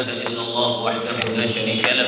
إله إلا الله وحده لا شريك له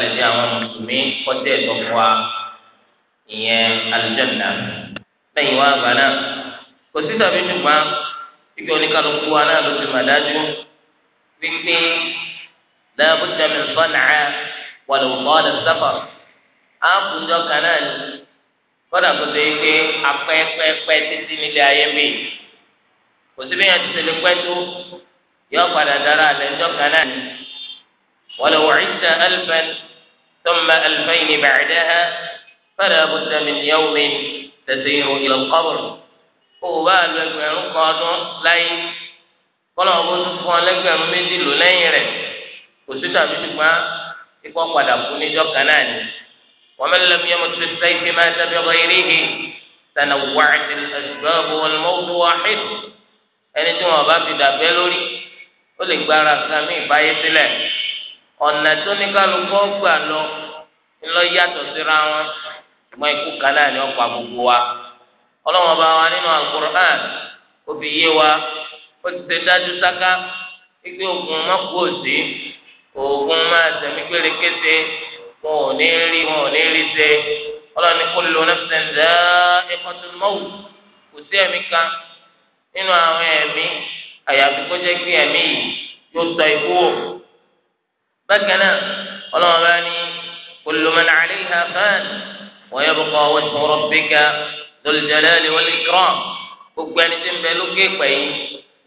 tánàdì àwọn mùsùlùmí kọjá ẹ̀tọ́ fún wa ìyẹn aljanna lẹ́yìn wá àgbà náà kò sí tàbí ṣùgbọ́n ibi oníkàlùkù wa náà ló ti mà dájú wípé lẹ́bùtẹ́ mi sọ́nà wàlúùkọ́ ọ̀dà sáfà àbùjọ kan náà ni kọ́dà kò sí pé apẹ́pẹ́pẹ́ títí nílé ayé mi kò sí bí ti tẹ̀lé pẹ́ yọ padà dára àlẹ́ kan náà ni wàlúùkọ́ ìṣẹ́ ẹlẹ́fẹ́ni. ثم ألفين بعدها فلا بد من يوم تسير إلى القبر وبال لقمن قادون لين kọlọ ọgbọn tó fún ọlẹgbẹrún méjì lò lẹ́yìn rẹ̀ kò sí tàbí ṣùgbọ́n ikọ padà fún níjọ́ kan náà ni wọn mẹlẹ bí ọmọ tó ṣe ṣe máa ṣe ọgbọn ìrìhì tànà wàhálà ẹgbẹ wọn mọwọ wàhálà ẹni tí wọn bá fi dàbẹ lórí ó lè gbára kan ní ìbáyé sílẹ̀ ọ̀nà tó ní kálukú gbà lọ ńlọ yàtọ̀ síra wọn mọ ikú kálá ni ọ̀pá gbogbo wa ọlọ́wọ́n bá wa nínú Al-Qur'an ó fi yé wa ó ti ṣe dájú sáká pípé oògùn mọ́kù òsì oògùn máa tẹ̀mí péré kése wọn ò ní rí wọn ò ní rí ṣe ọlọ́ni kò lò nafsin dha'iqatul maut kò sí ẹ̀mí kan nínú àwọn ẹ̀mí àyàfi kó jẹ́ pé ẹ̀mí yìí yóò tọ ikú wò bákan náà ọlọ́run bá ní kullu man 'alayha fan wa yabqa wajhu rabbika dhul jalali wal ikram gbogbo ẹni tí ń bẹ lókè pẹ̀yìn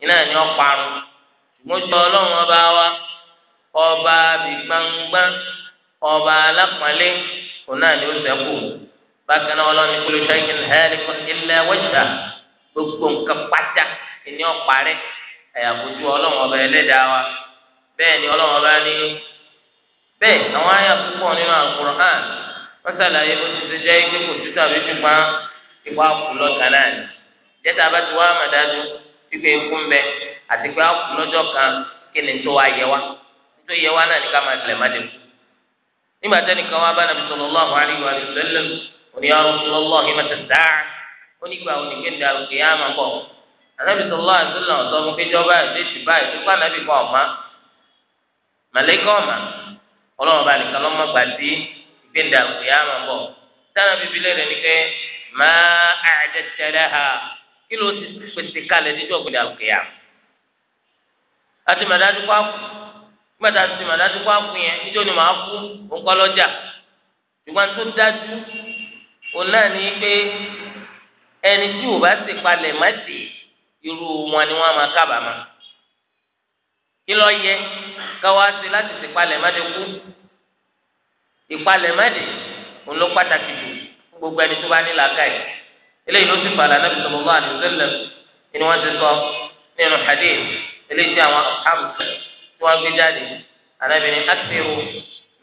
iná ni ó parun mo jọ ọlọ́run ọba wa ọba ọba alápọ̀nlé òun náà ni ó sẹ́kù bákan náà ọlọ́run ní kullu shay'in halikun illa gbogbo nǹkan pátá ni ó parẹ́ àyàfojú ọlọ́run ẹlẹ́dàá wa bẹ́ẹ̀ ni ọlọ́run ọba bẹ́ẹ̀ àwọn àyà púpọ̀ nínú Al-Qur'an wọ́n ṣàlàyé bó ti ṣe jẹ́ ike kò sí tàbí ṣùgbọ́n ìwà kù lọ́kàn náà ni jẹ́ta bá ti wá àmàdájú pípé ikú ń bẹ àti pé àkù kan kí ni tó wá yẹ wá tó yẹ wá náà ní ká máa tilẹ̀ má dẹ̀kú. nígbà wá bá nàbí òní dáa ó òní yá máa ọlọ́run bá nìkan lọ́mọ gbà sí gbẹ̀ndà òyà máa bọ̀ sáà bíbí lẹ́rẹ̀ ni pé máa àjẹsẹ̀rẹ̀ ha kí ló ti pèsè kalẹ̀ níjọ́ gbẹ̀ndà òyà. àti màdájú kó àkú gbàdá àti màdájú kó àkú yẹn níjọ́ ni màá kú òǹkọ́lọ́jà ṣùgbọ́n tó dájú òun náà ni pé ẹni tí ò bá ṣèpalẹ̀ má sí irú wọn ni wọ́n máa kábàámà kí ló yẹ káwá sí láti ṣèpalẹ̀ má de kú ìpalẹ̀ má de òun ló pàtàkì jù gbogbo ẹni tó bá ní làákàyè eléyìí ló ti fàlà nàbì sallallahu alaihi wasallam ni wọ́n ti sọ nínú hadith eléyìí tí àwọn àbù tí wọ́n gbé jáde ànábì ní àtìrù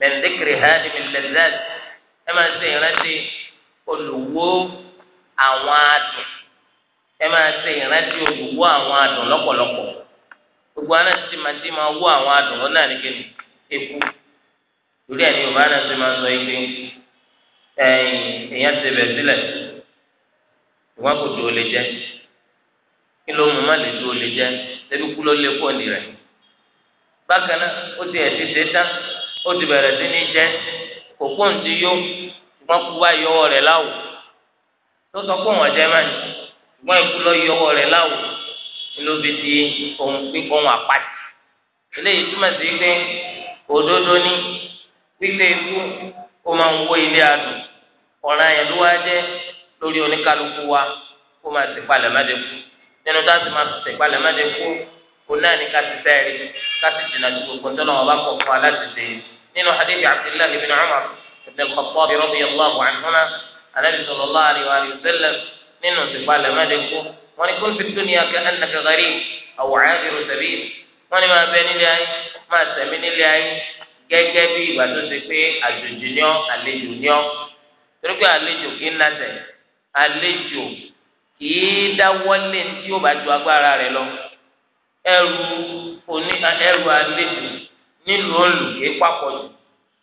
min dhikri hadhihi al-lazzat ẹ máa ṣe ìrántí olùwó àwọn adùn ẹ máa ṣe ìrántí olùwó àwọn adùn lọ́pọ̀lọpọ̀ gbogbo aná ti máa ti máa wú àwọn adùn wọn náà nìkéni eku lórí ẹni yorùbá náà ti máa sọ ike ẹyìn èèyàn ti bẹ̀ sílẹ̀ ìwọ́n kò tó o lè jẹ kí ló mú má lè tó o lè jẹ ẹbí kú ló lé pọ́ọ̀nì rẹ̀ bákan náà ó ti ẹ̀sìn ṣe tán ó ti bẹ̀rẹ̀ sí ní jẹ òpó ń ti yó ìwọ́n kú wá yọwọ́ rẹ̀ láwò tó sọ pé òun ọ̀jẹ̀ máa ń ìwọ́n ikú lọ yọwọ́ rẹ̀ láwò ló fi di ohun pípọ̀ ohun àpáti eléyìí túmọ̀ sí pé òdodo ní pípé ikú ó máa ń wó ilé adùn ọ̀ràn yẹn ló wá jẹ́ lórí oníkálukú wa kó máa ti palẹ̀ mẹ́tẹ̀ kú nínú tá a ti máa ti palẹ̀ mẹ́tẹ̀ kú kó náà ní ká ti sẹ́ẹ̀rí ká ti jìnnà ju gbogbo tó lọ́wọ́ bá kọ̀ fún aláti dé nínú hadith abdullahi ibn umar ibn al-khattab radiyallahu anhuma anabi sallallahu alayhi wa sallam nínú ti palẹ̀ mẹ́tẹ̀ kú wọn ni kún fi dunya ka annaka gharib aw abiru sabil wọn ni máa bẹ nílé ayé máa tẹ̀mí nílé ayé gẹ́gẹ́ bí ìgbà tó ṣe pé àjòjì ni ọ́ àlejò ni ọ́ torí pé àlejò kì í lásẹ̀ àlejò kì í dáwọ́lé tí ó bá ju agbára rẹ̀ lọ ẹrù oní ẹrù àlejò nílùú òǹlù kì papọ̀ jù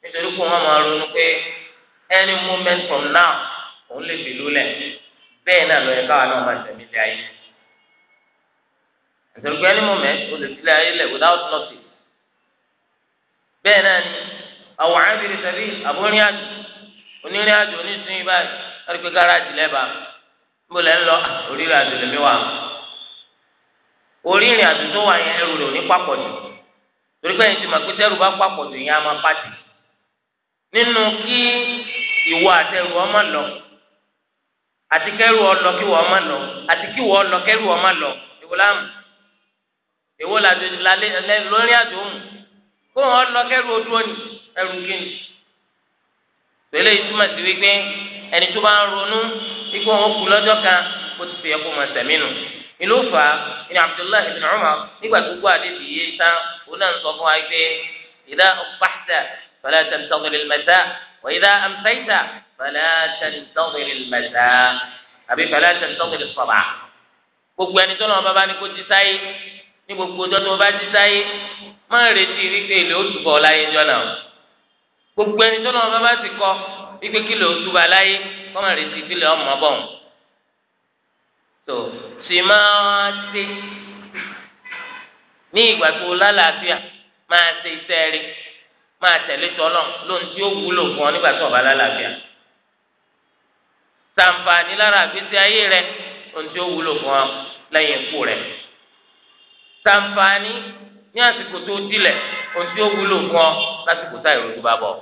nítorí pé wọ́n máa ronú pé any moment from now òun lè fi lulẹ̀ bẹ́ẹ̀ náà lọ yẹ káwa náà máa tẹ̀mí lé ayé nítorí pé ẹni mú mẹ́ o lè tilẹ̀ ayé lẹ̀ without nothing bẹ́ẹ̀ náà ni àwọn àbírí sẹ́bí àbórin àjò onírin àjò onísìnyí báyìí lórí pé gáràjì lẹ́bàá níbo lẹ́ ń lọ oríire àjò lèmi wà oríire àjò tó wà yẹn ẹrù rẹ̀ ò ní papọ̀ jù torí pé ẹni tí màá bá jù yẹn á lọ. àti kẹrù ọlọ kí wọn má lọ àti kí wọn lọ kẹrù wọn má lọ èwo láàmú èwo làdé lórí àjò mù kó wọn lọ kẹrù odúró ni ẹrù kíni pẹ̀lẹ́ ìtumọ̀ sí wípé ẹni tó bá ń ronú ikú wọn kú lọ́jọ́ kan kó ti fi ẹkú máa tẹ̀mí nù ìlú fà á Abdullahi ibn Umar nígbà tó gbọ́ adé bìyẹ tán òun náà ń sọ fún wa pé ìdá ọ̀pá وإذا أمسيت فلا تنتظر المساء أبي فلا تنتظر الصباح gbogbo ẹni tó lọ́wọ́ bá bá ní kó ti sáyé ní gbogbo ọjọ́ tó bá ti sáyé má retí wípé ilé oṣù bọ̀ láyé jọ náà gbogbo ẹni tó lọ́wọ́ bá bá ti kọ wípé kí ilé oṣù bá láyé kọ́ má retí kí ilé ọmọ bọ̀ ń. tó sì máa ṣe ní ìgbà tó lálàáfíà máa ṣe iṣẹ́ rí máa tẹ̀lé tọ́lọ̀ lóhun tí ó wúlò fún ọ nígbà tó o bá lálàáfíà sàǹfààní lára àgbésí ayé rẹ ohun tí ó wúlò fún ọ lẹ́yìn ikú rẹ sàǹfààní ní àsìkò tó dilẹ̀ ohun tí ó wúlò fún ọ lásìkò tá ìròyìn bá bọ̀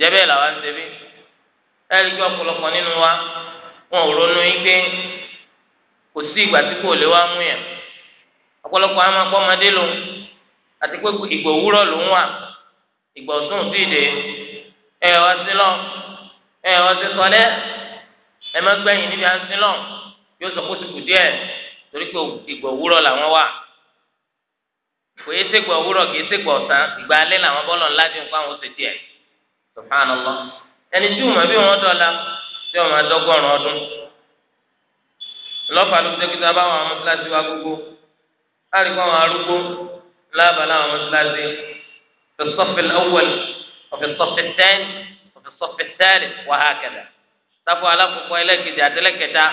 jẹ́bẹ́ làwa ń ṣebí ẹ̀rí kí ọ̀pọ̀lọpọ̀ nínú wa wọn ò ronú yín pé kò sí ìgbà tí kò lè wá mú yàn ọ̀pọ̀lọpọ̀ àwọn akọ́mọdé lòun àti pé ìgbà òwúrọ̀ ló ń wà ìgbà ọ̀sùn ti dé ẹ wá sí lọ ẹ wá sí sọlẹ ẹ má gbẹ̀yìn níbi à ń sí lọ yóò sọ kó ti kù díẹ̀ torí pé ìgbà òwúrọ̀ làwọn wà kò yé ségbà òwúrọ̀ kò yé ségbà ọ̀sán ìgbà alẹ́ làwọn bọ́lọ̀ ńlá dín fún àwọn ṣètì ẹ̀ ẹni tí wọn bí wọn dọ́la tí wọn máa dọ́gọ́rùn ọdún lọ́fà ló ń tẹ́kítà báwọn amúláṣí wa gbogbo láti kọ́ àwọn arúgbó lábàá láwọn mọ́sálásí fi sọ́fì awọ́l ọ̀fi sọ́fì tẹ́ni ọ̀fi sọ́fì tẹ́ni wà á kẹta sáfù alákòókò ẹlẹ́kẹ̀dì àtẹlẹ́kẹta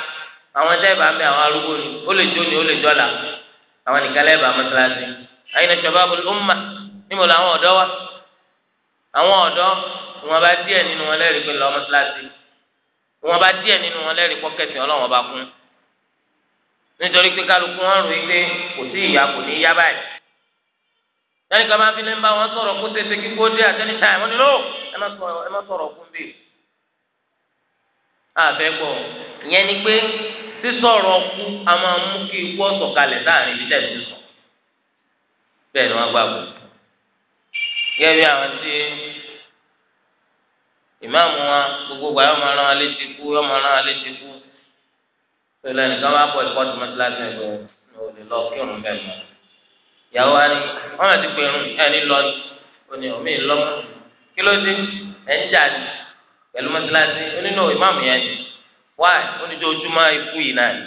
àwọn ẹlẹ́bà mi àwọn arúgbó ni ó lè jó ni ó lè jọ́la àwọn nìkan lẹ́bà mọ́sálásí àyìn shababul umma níbo làwọn ọ̀dọ́ wa àwọn ọ̀dọ́ wọn bá díẹ̀ nínú wọn lẹ́rìí pé lọ́ọ́ mọ́sálásí wọn bá díẹ̀ nínú wọn lẹ́rìí pọ́kẹ́tì ọlọ́run ọba kún nítorí pé kálukú wọn rò yí pé kò sí ìyá kò ní yá báyìí yanni kaba fi lè ń bá wọn sọ̀rọ̀ kó tètè kí kó dé àtẹni táì wọn ni lò ẹ má sọ̀rọ̀ ẹ má sọ̀rọ̀ fún bẹ́ẹ̀. àbẹ gbọ́ ìyẹn ni pé sísọ̀rọ̀ kú a máa mú kí ikú ọ̀sọ̀ kalẹ̀ láàrin ibi tẹ̀sí sọ bẹ́ẹ̀ ni wọ́n gbàgbọ́. gẹ́gẹ́ bí àwọn tí ìmáàmù wa gbogbo gbà yọ máa rán wa létí kú yọ máa rán wa létí kú pẹ̀lú ẹnìkan wá bọ̀ ìkọ́tù mọ́tíláṣí ẹ̀gbọ́n ní olè lọ kírun bẹ́ẹ̀ mọ́ ìyàwó wa ni wọn àti pé irun ẹni lọ ni òní omi ń lọ mọ kí ló dé ẹ ń jà ní pẹ̀lú mọ́tíláṣí onínú ìmáàmù yẹn ni wáì oníjọ́júmọ́ ikú yìí náà ni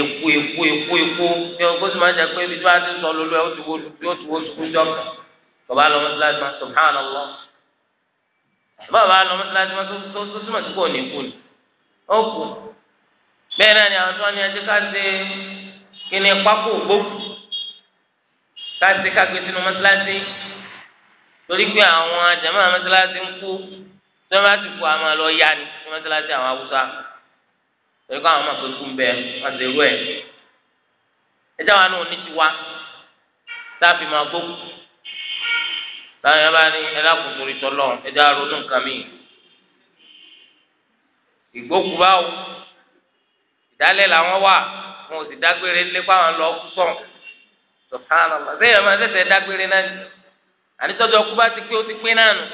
ikú ikú ikú ikú ní ọgbọ́n tó máa ń jẹ pé ibi tí wọ́n á ti sọ lólu ẹ̀ ó ti wo yóò ti wo sukú jọ kan bàbá lọ mọ́tíláṣí máa subhanallah bàbá lọ mọ́tíláṣí máa tó túmọ̀ sí kò ní kú ni ó kù bẹ́ẹ̀ náà ni àwọn tó wá ní ẹjẹ́ ká ṣe é kí ni pákó gbókù káṣí kágbé sínú mọ́sálásí torí pé àwọn jàmáà mọ́sálásí ń kú tí wọ́n bá ti kú àwọn lọ yá ni ní mọ́sálásí àwọn haúsá torí pé àwọn máa pé kú ń bẹ wọ́n ti rú wa náà ní tiwa táàfin máa gbókù táwọn yẹn bá ní ẹlẹ́kùn torí tọ́lọ́ ẹjọ́ àrònú nǹkan mìíràn ìgbókù ìdálẹ́ làwọn wà wọn ò sì dágbére ńlẹ fáwọn lọ kú sọ̀n subhanallah bẹ́ẹ̀ ọmọ ẹsẹ̀ dágbére náà ni ànitọ́jọ́ kú bá ti pé ó ti pé náà nù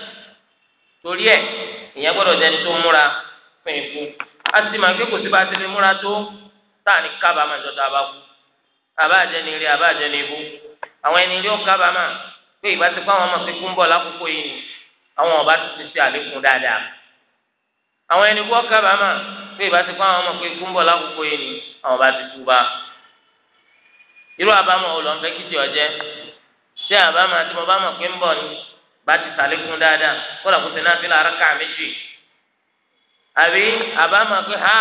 torí ẹ̀ ìyẹn gbọ́dọ̀ jẹ́ ní tó múra fún ikú a ti máa ń pé kò sí bá ti fi múra tó táà ní kábàámà ìjọ tá a ní ilé àbá ní ibú àwọn ẹni ilé ó kábàámà pé ìbá ti fáwọn ọmọ fikún bọ̀ lákòókò yìí ni àwọn ọba ti ti ṣe àlékún dáadáa àwọn ẹni bú ọ kábàámà bí ìbá ti kó àwọn ọmọ pé ikú ń bọ̀ lákòókò yìí ni àwọn bá ti tú bá irú àbámọ̀ olùfẹ́ kìtì ọ̀jẹ́ ṣé àbámọ̀ àti mo bá mọ̀ pé ń bọ̀ ni bá ti sàlékún dáadáa kó lọ́kùn sí náà fi lára ká méjì àbí àbámọ̀ pé ha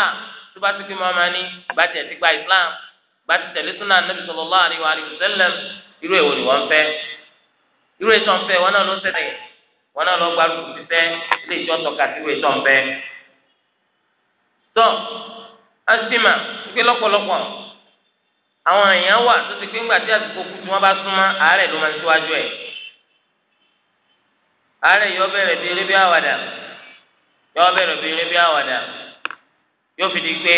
tó bá ti pín mọ́ máa ní bá tiẹ̀ ti gba Islam bá ti tẹ̀lé súnà nàbì sallallahu alaihi wa sallam irú èwo ni wọ́n fẹ́ irú ètò ọ̀fẹ́ wọn náà ló ń tẹ̀lé wọn náà lọ gbárùkù ti fẹ́ ilé ìjọ tó asima pé lọ́pọ̀lọpọ̀ àwọn èèyàn wà tó ti pé ńgbà tí àsìkò kú tí wọ́n bá súnmọ́ àárẹ̀ ló máa ń síwájú ẹ̀ àárẹ̀ yóò bẹ̀rẹ̀ bí eré bí àwàdà yóò bí eré bí àwàdà yóò fi di pé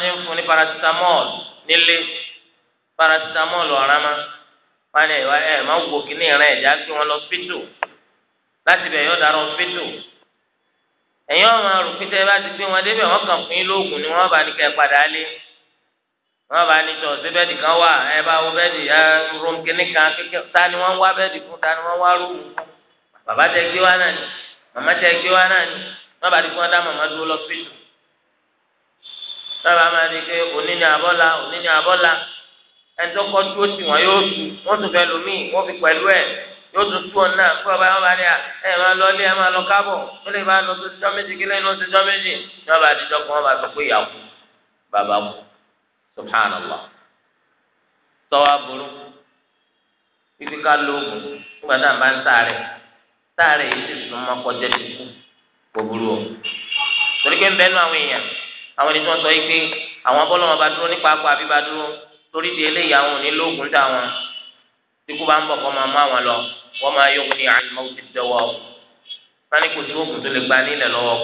ti ń fún ní paracetamol nílé ma wọ́n ẹ̀ máa wò kí ní ìran kí lọ ẹ̀yin ọmọ rùpítẹ́ bá ti gbé wọn débẹ̀ wọ́n kàn fún yín lóògùn ni wọ́n bá ní kẹ́ padà lé wọ́n bá ní tọ̀ sí bẹ́ẹ̀dì kan wà ẹ bá wo bẹ́ẹ̀dì ẹ rom kínní kan kékeré ta ni wọ́n wá bẹ́ẹ̀dì fún ta ni wọ́n wá rúùmù bàbá tẹ gbé wá náà ni màmá tẹ gbé wá náà ni wọ́n bá ní kí wọ́n dá màmá dúró lọ síbítù wọ́n máa ní pé òní ni àbọ́là òní ni àbọ́là ẹni tó kọ́ dúró tì wọ́n yóò yóò tún tú ọ náà kó ọba yẹn bá ní à ẹ máa lọ ilé ẹ máa lọ kábọ̀ ó lè máa lọ sí jọ́ méjì kí lẹ́yìn lọ sí jọ́ méjì ní ọba àtijọ́ kan ọba sọ pé ìyàwó bàbá mu subhanallah tọ́wọ́ aburú fífi ká lóògùn nígbà tá à ń bá ń sáré sáré yìí sì sún mọ́ kọjá tó kù kò burú o torí pé ń bẹ́nu àwọn èèyàn àwọn ènìyàn tí wọ́n sọ yìí pé àwọn abọ́lọ́mọ bá dúró nípa akọ àbí bá dúró torí di eléyìí àwọn ò ní lóògùn táwọn tí kú bá ń bọ̀ kọ́ máa mú àwọn lọ wọ́n máa yọ wọ́n ní àlùmọ́tì dọ́wọ́ o wọ́n ní kò sí oògùn tó lè gba nílẹ̀ lọ́wọ́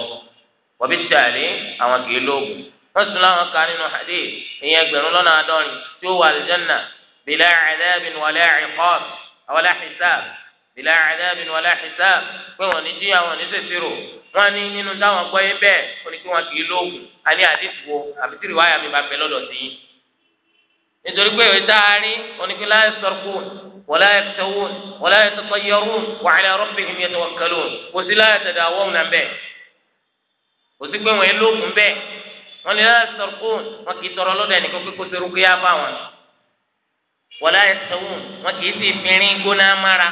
wọ́n bí tààrí àwọn kì í lóògùn wọ́n sì láwọn kan nínú àdé ìyẹn ẹgbẹ̀rún lọ́nà àádọ́rin tí ó wà àlùjánà bìlá àdábìn wàlẹ́ àìkọ́b àwọlá xisab bìlá àdábìn wàlá xisab pé wọ́n ní jí àwọn ní sèṣirò wọ́n ní nínú táwọn gbọ́ yé bẹ́ẹ̀ ó ní kí wọ́n kì í lóògùn a ní àdìsíwò àbítírì wáyà mi bá bẹ lọ́dọ̀ sí i nítorí pé ìwé táàrí oníkílá sọ̀rọ̀ ولا يكتوون ولا يتطيرون وعلى ربهم يتوكلون وسلا يتداوون به وسيكون ويلوكم به wọn lè láti sọrọkún wọn kì í tọrọ lọ́dọ̀ ẹnìkan pé kó serú kúyà bá wọn wọlé ayé sẹwọn wọn kì í sì fìrín gbóná mára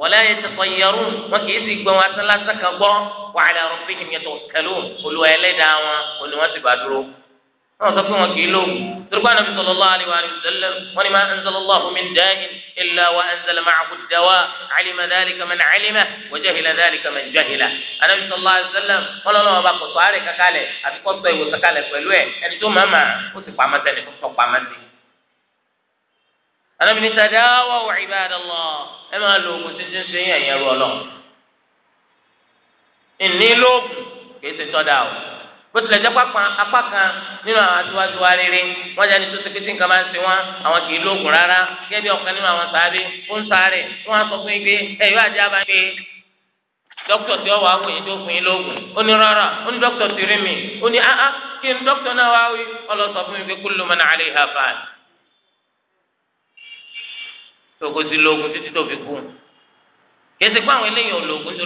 wọlé ayé sẹkọ yẹrù wọn kì í sì gbọn wọn asán lásán kan gbọ wàhálà rọpìn ìmìtọ kẹlú olùwà ẹlẹ́dàá wọn olùwà ti bá dúró wọn sọ fún wọn kì í lóògùn torí báyìí nàbí sallallahu alaihi wa sallam wọn ni ma anzalallahu min da'in illa wa anzala ma'ahu ad-dawa alima dhalika man alima wa jahila dhalika man jahila anabi sallallahu alaihi wa sallam wọn lọ́nà wọn bá kọ̀tọ̀ àárẹ̀ kakalẹ̀ àti kọ́tọ̀ ìwòsàn kalẹ̀ pẹ̀lú ẹ̀ ẹni tó máa máa ó sì pamọ́ sẹ́ni tó tọ́ pamọ́ sí. anabi ni sadawa wa ibadallah ẹ máa lo oògùn títí ń sẹ́yìn ẹ̀yẹ rú ọlọ́ bó tilẹ̀ jẹ́ pápá apá kan nínú àwọn aṣíwájú wa rere wọ́n jẹ́ ní tó sekete nǹkan máa ń ṣe wọ́n àwọn kì í lóògùn rárá gẹ́gẹ́ bí ọ̀kan nínú àwọn sàábé ó ń sáré wọ́n á sọ fún yín pé ẹ yóò ajá bá gbé dókítà tí ó wà wò yín tó fún yín lóògùn ó ní rárá ó ní dókítà ti rí mi ó ní áá kí ni dókítà náà wá wí ó lọ sọ fún mi pé kullu man 'alayha fan tòkó ti lóògùn tó fi ti lóògùn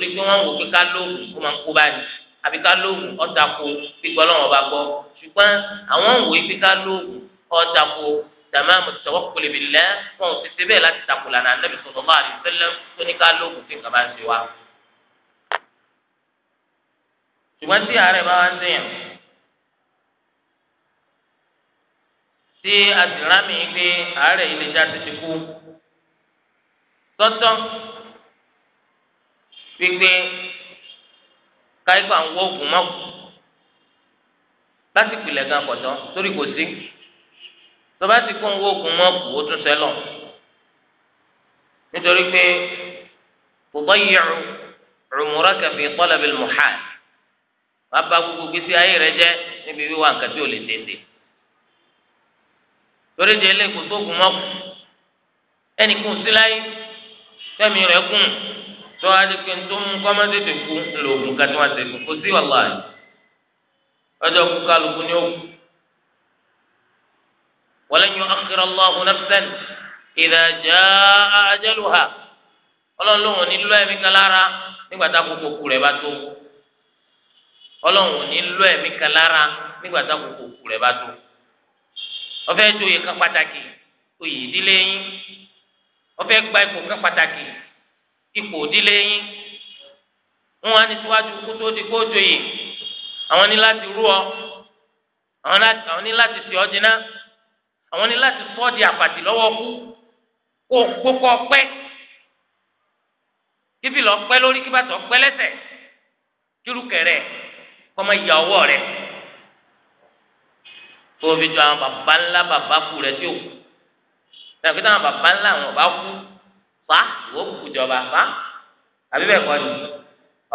torí àbí ká lóògùn ọ̀tako gbígbọ́ lọ́wọ́ bá gbọ́ ṣùgbọ́n àwọn ń wòye pé ká lóògùn ọ̀tako tàmáàmù tawakkul billah wọn ò sì ṣe bẹ́ẹ̀ láti takò lànà anábì sallallahu alaihi wasallam tó ní ká lóògùn tí nǹkan bá ń ṣe wa. ṣùgbọ́n tí àárẹ̀ bá wá ń dẹ̀yàn tí àtìrámì pé àárẹ̀ ilé jáde ti kú tọ́tọ́ gbígbé káyípa ń wọ oògùn mọ́ láti pìlẹ̀ gan kọ̀tọ́ torí kò sí tọ́ba ti kó ń wọ oògùn mọ́ kù ó tún sẹ́lọ̀ nítorí pé kò bá yẹ̀rù rùmùrà kẹfì tọ́lẹ̀bì mùhà wàá gbogbo gbèsè ayé rẹ jẹ́ níbi wíwá nǹkan tí ò lè tètè torí de ilé kò tó oògùn mọ́ ẹnì kùn sí láyé fẹ́mi rẹ̀ kùn tó wá di pé tó mú kọ́má tètè kú lòògùn ká tó wá tètè kú kó sí wàhálà yìí ọjọ́ kú kálukú ni ó kú. walan yu'akhkhira Allahu nafsan idha jaa ajaluha ọlọ́run ló wọn ní lọ́ ẹ̀mí kan nígbà tá àkókò kú rẹ̀ bá tó ọlọ́run ní lọ́ ẹ̀mí kan nígbà tá àkókò kú rẹ̀ bá tó ọfẹ́ tó yẹ kan pàtàkì oyè ìdílé yín ọfẹ́ gba ipò kan pàtàkì ipò òdílé yín wọn á ní síwájú kó tó di kó joyè àwọn ní láti rú ọ àwọn ní láti sè ọ jiná àwọn ní láti fọ́ di àpàtì lọ́wọ́ kú kó gbókọ́ pẹ́ kíbi lọ pẹ́ lórí kí bàtọ̀ pẹ́ lẹ́sẹ̀ kírùkẹ̀ rẹ̀ kọ́mọ ìyá ọwọ́ rẹ̀ tó fi jọ àwọn bàbá ńlá bàbá kú rẹ̀ tí ò kú tàbí táwọn bàbá ńlá àwọn bàbá kú fa ìwọ kúkú jọba fa àbí bẹ́ẹ̀ kọ́ ni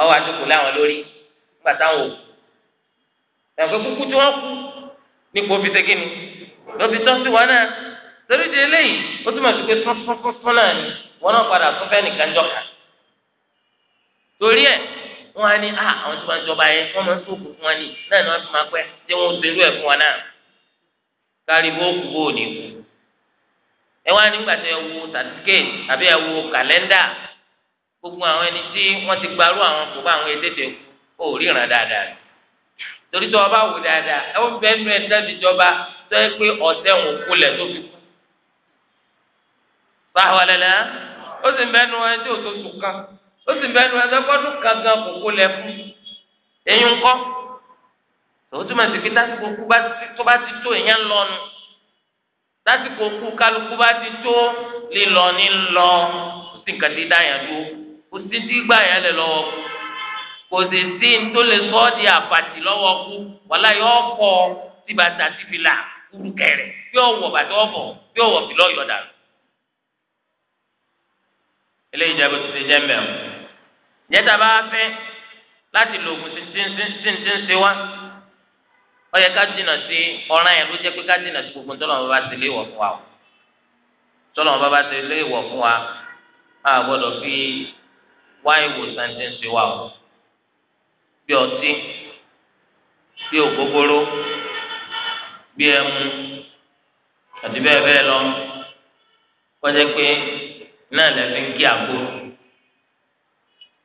ọwọ́ àtúkù láwọn lórí nígbà táwọn òkú ẹ̀fọ́ kúkú tí wọ́n kú nípò fi ṣe kíni ló fi tọ́ sí wọn náà torí di eléyìí ó túmọ̀ sí pé fúnfúnfún náà ni wọn náà padà fún fẹ́ẹ́ nìkan jọ kan torí ẹ̀ wọ́n á ní à àwọn tí wọ́n jọba yẹn wọ́n máa ń tó òkú fún wọn ní náà ni wọ́n fi máa pẹ́ tí wọ́n ó ṣerú ẹ̀ fún wọn náà kárí bó kú bó ò ní kú ẹ wá nígbà tí ẹ wo certificate àbí ẹ wo kàlẹ́ndà gbogbo àwọn ẹni tí wọ́n ti gbarú àwọn kò bá àwọn ètètè kó o ríran dáadáa torí tí wọ́n bá wò dáadáa ẹ wọ́n fẹ́ nu ẹ̀dá ìjọba tó yẹ pé ọ̀tẹ̀ wọn kú lẹ̀ tó fi kú. báwa lẹ́la ó sì mẹ́nu ẹ tí òtútù kan ó sì mẹ́nu ẹ lọ́gọ́dún kan gan kò kú lẹ̀ fún eyín ńkọ́ tòótọ́ màsíkítà tó bá ti tó ìyẹn lọ́nu lásìkò kú kálukú bá ti tó lílọ ní lọ kò sí nǹkan tí dáyà dúró kò sí tí gbà yẹn lè lọ́wọ́ kú kò sì sí tó lè sọ ọ́ di àpàtì lọ́wọ́ kú wàlá yọ kọ́ tí bàtà ti bí ọwọ́ bàtà ọ̀bọ̀ bí ọwọ́ fi lọ́yọ̀ dànù. eléyìí jẹ́ bó ti ṣe jẹ́ mẹ́rin. ìjẹ́ta bá fẹ́ láti lo oògùn tí ń ṣe wá ó yẹ ká dínà sí ọ̀ràn yẹn ló jẹ́ pé ká dínà sí gbogbo tọ́lọ́mọ bá ti lé wọ̀ fún wa o tọ́lọ́mọ bá bá ti lé wọ̀ fún wa a gbọ́dọ̀ fi wá ìwòsàn tí ń ṣe wa o bí ọtí bí ògógóró bí ẹmu àti bẹ́ẹ̀ bẹ́ẹ̀ lọ wọ́n pé náà lẹ́mí ń kí àgbo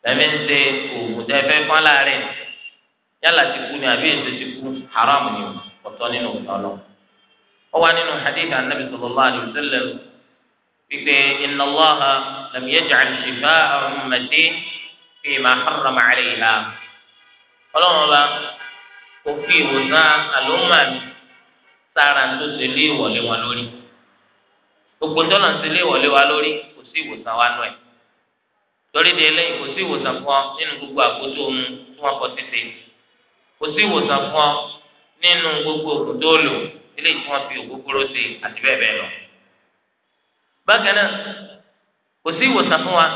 lẹ́mí ń ṣe oògùn tẹ́ fẹ́ fọ́n láàrin yálà ti kú ni àbí èso ti kú haram ni ọ̀tọ̀ nínú ọlọ. ó wà nínú hadith anabi sallallahu alayhi wa sallam wípé inna allaha lam yaj'al shifaa'a ummati fima harrama alayha. ọlọ́run ọba kò fi ìwòsàn àlùmọ́ mi sára tó ṣe lé ìwọlé wọn lórí. gbogbo tọ́lá ń ṣe lé ìwọlé wa lórí kò sí ìwòsàn wa nù ẹ̀ torí de kò sí ìwòsàn kan nínú gbogbo àkóso ohun tí wọ́n kọ títí kò sí ìwòsàn fún ọ nínú gbogbo ògùn tó lò eléyìí tí wọ́n fi ògógóró sí àti bẹ́ẹ̀ bẹ́ẹ̀ lọ. bákan náà kò sí ìwòsàn fún wa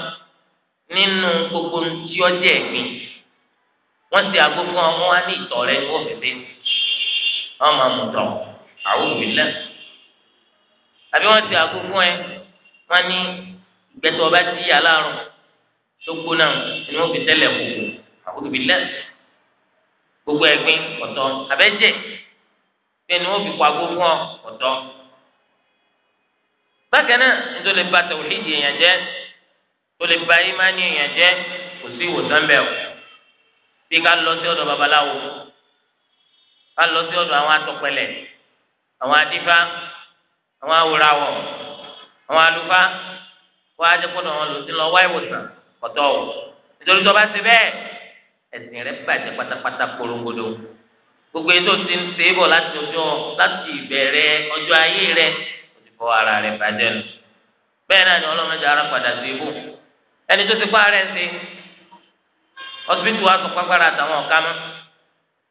nínú gbogbo tí ó jẹ́ ẹ̀gbin wọ́n ti àgbo fún ọ wọ́n ní ìtọ̀ rẹ ní wọ́n wọ́n máa mú tọ̀ àwọn òbí àbí wọ́n ti àgbo fún ẹ wọ́n ní ìgbẹ́tọ̀ ọba jí aláàrùn tó gbóná ni wọ́n fi tẹ́lẹ̀ kù àwọn òbí gbogbo ẹ̀gbin ọ̀tọ̀ abẹ́jẹ̀ pé ni wọ́n fi kó agbó fún ọ ọ̀tọ̀. bákan náà nítorí lè ba tòwíìdì èèyàn jẹ́ tó lè ba ìmánì èèyàn jẹ́ kò sí ìwòsàn bẹ́ẹ̀ o bí ká lọ sí ọ̀dọ̀ babaláwo ká lọ sí ọ̀dọ̀ àwọn atọ̀pẹ̀lẹ̀ àwọn adífá àwọn awòràwọ̀ àwọn àlùfáà wọ́n á jẹ́ kó lọ́wọ́ lòsí lọ́wọ́ ìwòsàn ọ̀tọ̀ o nítorí tó bá ti bẹ́ẹ̀ ẹ̀sìn rẹ bàjẹ́ pátápátá korongodo gbogbo ètò ti ń ṣe é bọ̀ láti ọjọ́ láti ìbẹ̀rẹ̀ ọjọ́ ayé rẹ o ti fọ ara rẹ bàjẹ́ nù bẹ́ẹ̀ náà ni ọlọ́mọdé ara padà sí ibò ẹni tó ti pa ara ẹ̀ ṣe ọsibítù wa sọ pàgbára àtàwọn ọ̀ká mọ́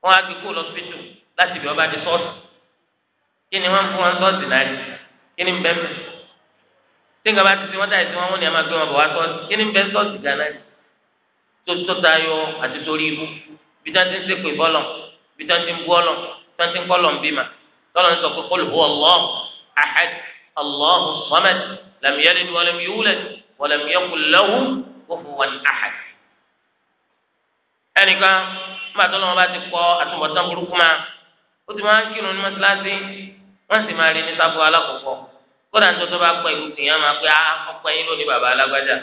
wọn á ti kú lọ́sibítù láti ibi ọba di sọ́ọ̀sì kí ni wọ́n ń fún wọn sọ́ọ̀sì náà rí kí ni ń bẹ́ẹ̀ tí nǹkan bá ti ṣe wọ́n dà tótótá yọ àti torí ibú bí tá ti ń sèpè bọ́lọ̀ bí tá ti ń bú ọlọ̀ tá ti ń kọ́lọ̀ ń bímà tọ́lọ̀ ń sọ pé qul huwa Allahu ahad Allahu samad lam yalid wa lam yulad wa lam yakul lahu kufuwan ahad. ẹnìkan má tọ́lọ́ wọn bá ti kọ́ àtúbọ̀tán burúkú máa ó ti máa ń kírun ní mọ́sálásí wọ́n sì máa rí ní sábọ̀ alákọ̀ọ́kọ́ kódà tó tó bá pẹ́ ìlú tìyàn máa pẹ́ ọ̀pẹ́ yín lónìí bàbá alágbájá.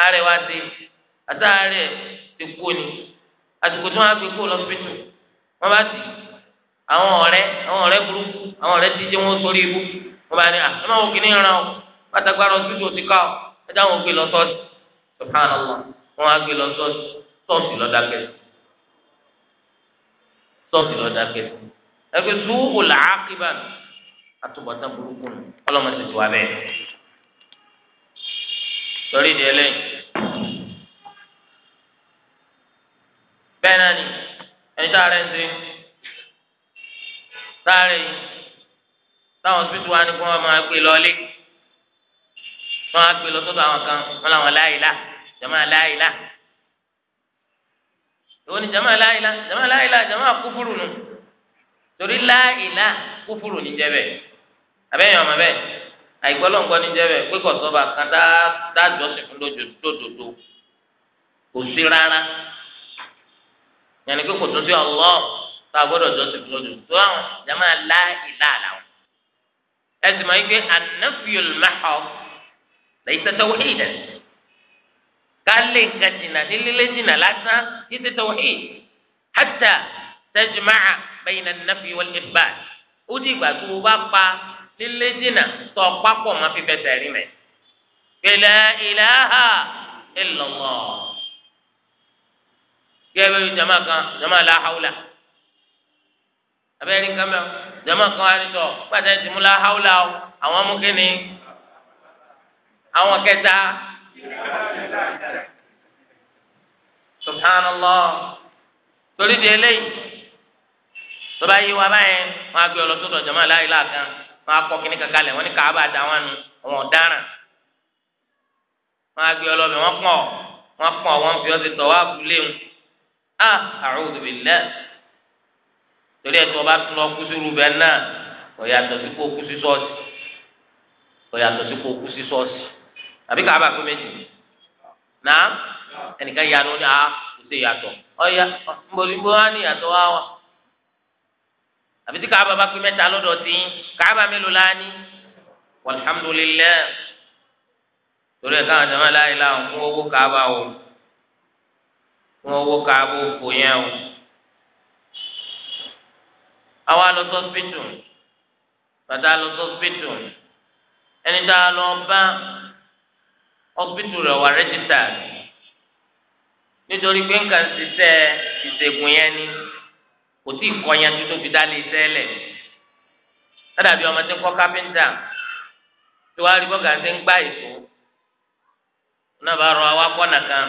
ààrẹ wa ti àtàárẹ̀ ti kú ni àsìkò tí wọ́n á fi kú lọ síbítù wọ́n bá ti àwọn ọ̀rẹ́ àwọn ọ̀rẹ́ burúkú àwọn ọ̀rẹ́ ti jẹ́ wọ́n sórí ibú wọ́n bá ní à ẹ má wò kíní ìran o pátágbára ọ̀sùtù ti ká o ẹ dáhùn gbé lọ sọ́ọ̀sì subhanallah wọ́n á gbé lọ sọ́ọ̀sì sọ́ọ̀sì lọ́dà kẹsì sọ́ọ̀sì lọ́dà kẹsì ẹgbẹ́ sùúrù làákìbà àtúbọ̀tán burúkú ọlọ́mọ ti tù wá bẹ́ẹ̀ torí di ẹlẹ́yìn. bẹ́ẹ̀ náà ni ẹni tá a rẹ̀ ń ṣe sáré yìí táwọn hospital wa ni kí wọ́n máa gbé lọ́ọ́lé wọ́n á gbé lọ sọ́dọ̀ àwọn kan wọ́n làwọn láìlá jama láìlá èwo ni jama láìlá jama láìlá jama kúfúrú nu torí láìlá kúfúrú ní jẹ́bẹ̀ abẹ́yẹn ọmọ bẹ́ẹ̀ àìgbọ́lọ́ǹkọ́ ní jẹ́bẹ̀ pé kọ̀sọ́ba kan dájọ́ sí fún lójoojú kò sí rárá yẹnni kí kò tún sí ọlọ́ tá a gbọ́dọ̀ jọ sí lójú tó àwọn jama la ìlà àlàwọn. ẹ sì máa ń gbé anáfíò lùmáhọ lẹ́yìn tẹ́tẹ́ wọ́n hìdẹ ká lè ka jìnnà ní lílé jìnnà lásán yìí tẹ́tẹ́ wọ́n hìd hàtà tẹ́jùmáà bẹ́yìn náà wọ́n lè bá ó di ìgbà tó o bá pa lílé jìnnà tó o pápọ̀ máa fi bẹ́ẹ̀ tẹ̀rí mẹ́. la ilaha illallah gẹ́gẹ́ bí jama kan jama la hawla abẹ́rẹ́ nǹkan mẹ́wọ́ jama kan wá nítọ̀ gbàtà ìtìmú la hawla o àwọn mú àwọn kẹta subhanallah torí di eléyìí tó bá yí wa báyẹn wọn á gbé ọlọ́tọ́ dọ̀ jama la ilaha kan wọn á kọ́ kínní kankan lẹ̀ wọ́n ní káàbà àtàwọn nu wọn ọ̀daràn wọn á gbé ọlọ́bẹ̀ wọn pọ̀ wọn pọ̀ wọn fi ọtí tọ̀ wá abúlé wọn a ah, a'udhu billah torí ẹ̀ tí wọ́n bá tún lọ kú sí rúbẹ̀ náà kò yàtọ̀ sí kó kú sí sọ́ọ̀sì kò yàtọ̀ sí kó kú sí sọ́ọ̀sì àbí káàbà pé méjì náà ẹnìkan yanu ni a ah, kò sí yàtọ̀ ọ̀ya mbọ̀lùmí wa ni yàtọ̀ wa wa àbí tí káàbà bá pé mẹ́ta lọ́dọ̀ sí káàbà mélòó la ní walhamdulillah torí ẹ̀ káwọn jẹ́ máa láyé láwọn fún owó káàbà o wọn wó káàbù òkú yẹn o àwa lọ sọ bàtà lọ sọ ẹni tá a lọ bá ọspítù rẹ wà rẹjísítà nítorí pé nǹkan ṣiṣẹ́ ìṣègùn yẹn ni kò tí ì kọ́ yẹn tó tóbi dá lé iṣẹ́ lẹ̀ ládàbí ọmọ tí ń kọ́ kápẹ́ńtà tí wàá rí bọ́gà ń gbá èso náà bá rọ awakọ́ nàkan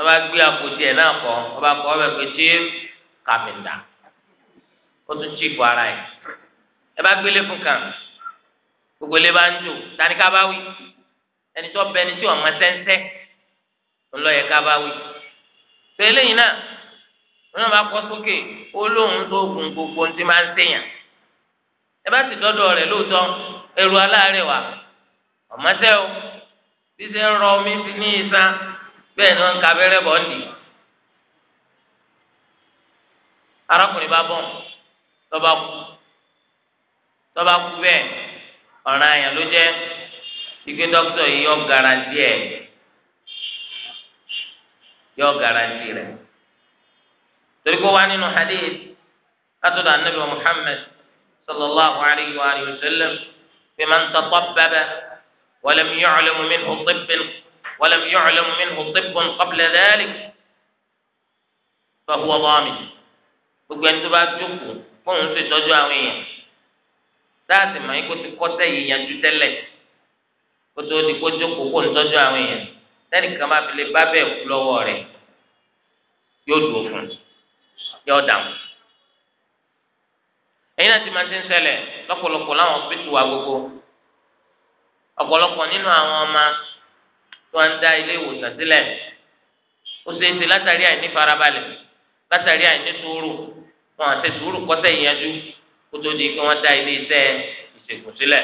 wọ́n bá gbé àpòtí ẹ̀ náà kọ́ wọ́n bá kọ́ ọ́ bẹ̀ pé chief carpenter ó tún chief ara ẹ̀ ẹ bá gbélé fún kan gbogbo ilé bá ń jò tani ká bá wí ẹni tó bẹ ẹni tí wọn mọ ńlọ yẹ ká bá wí tẹ́lẹ̀ yìí náà wọn bá kọ sókè olóhùn tó gun gbogbo ti máa ń sèyàn ẹ bá sì dọdọ rẹ lóòótọ́ ẹrù aláàárẹ̀ wà ọmọọṣẹ o bí ṣe ń rọ omi ní ìsan bẹ́ẹ̀ ni wọ́n ń ka abẹ́rẹ́ bọ̀ ń dì arákùnrin bá bọ̀ lọ́ba kú lọ́ba kú bẹ́ẹ̀ ọ̀ràn àyàn ló jẹ́ ike dókítà yìí yọ garanti ẹ̀ yọ garanti rẹ̀ torí kó wá nínú hadith látọ̀dọ̀ anabi muhammed sallallahu alayhi wa sallam fi man tatabbaba wa lam yu'lam minhu tibban. ولم يعلم منه طب قبل ذلك فهو ضامن gbogbo ẹni tó bá jókòó fóun ṣe tọ́jú àwọn èèyàn láti mọ ikú ti kọsẹ̀ yìí yanjú tẹ́lẹ̀ kó tó di kó jókòó fóun tọ́jú àwọn èèyàn lẹ́nìkan máa fi lè bá bẹ́ẹ̀ kú lọ́wọ́ rẹ̀ yóò dúró fún yóò dààmú. ẹ̀yin náà ti ti ń ṣẹlẹ̀ lọ́pọ̀lọpọ̀ láwọn hospital wa gbogbo ọ̀pọ̀lọpọ̀ nínú àwọn ọmọ tí wọ́n ń dá ilé ìwòsàn sílẹ̀ ó ṣe é ṣe látàrí àìní farabalẹ̀ látàrí àìní sùúrù wọn àti sùúrù kọ́tẹ́ ìyanjú kó tó di kí wọ́n dá ilé iṣẹ́ ìṣègùn sílẹ̀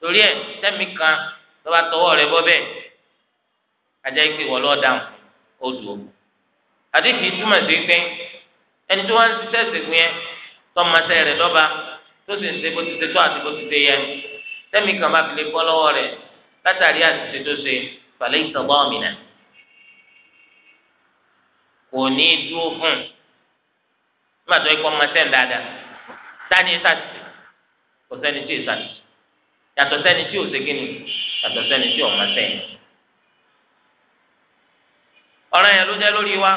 torí ẹ̀ tẹ́mi kan lọ́ba tọwọ́ rẹ̀ bọ́ bẹ́ẹ̀ ajá ikú ìwọ lọ́ọ́ dáhùn ó dùn ó àdìkì túmọ̀ sí pé ẹni tí wọ́n ń ṣiṣẹ́ ìṣègùn yẹn tọ́mọṣẹ́ rẹ̀ lọ́ba tó sì ń ṣe bó ti ṣe tó àti bó ti ṣe yẹ tẹ́mi kan bá fi lè bọ́ lọ́wọ́ rẹ̀ látàrí àṣìṣe tó ṣe fàlẹ́ ìtọ́gbà ọ̀mìnà kò ní í dúró fún un nígbà tó ẹ̀kọ́ máa tẹ̀ dáadáa tani sàṣìṣe kò sẹ́ni tí ì sàṣìṣe yàtọ̀ sẹ́ni tí ò ṣe kíni yàtọ̀ sẹ́ni tí ò máa sẹ́yìn. ọ̀ràn yẹn ló jẹ́ lórí wa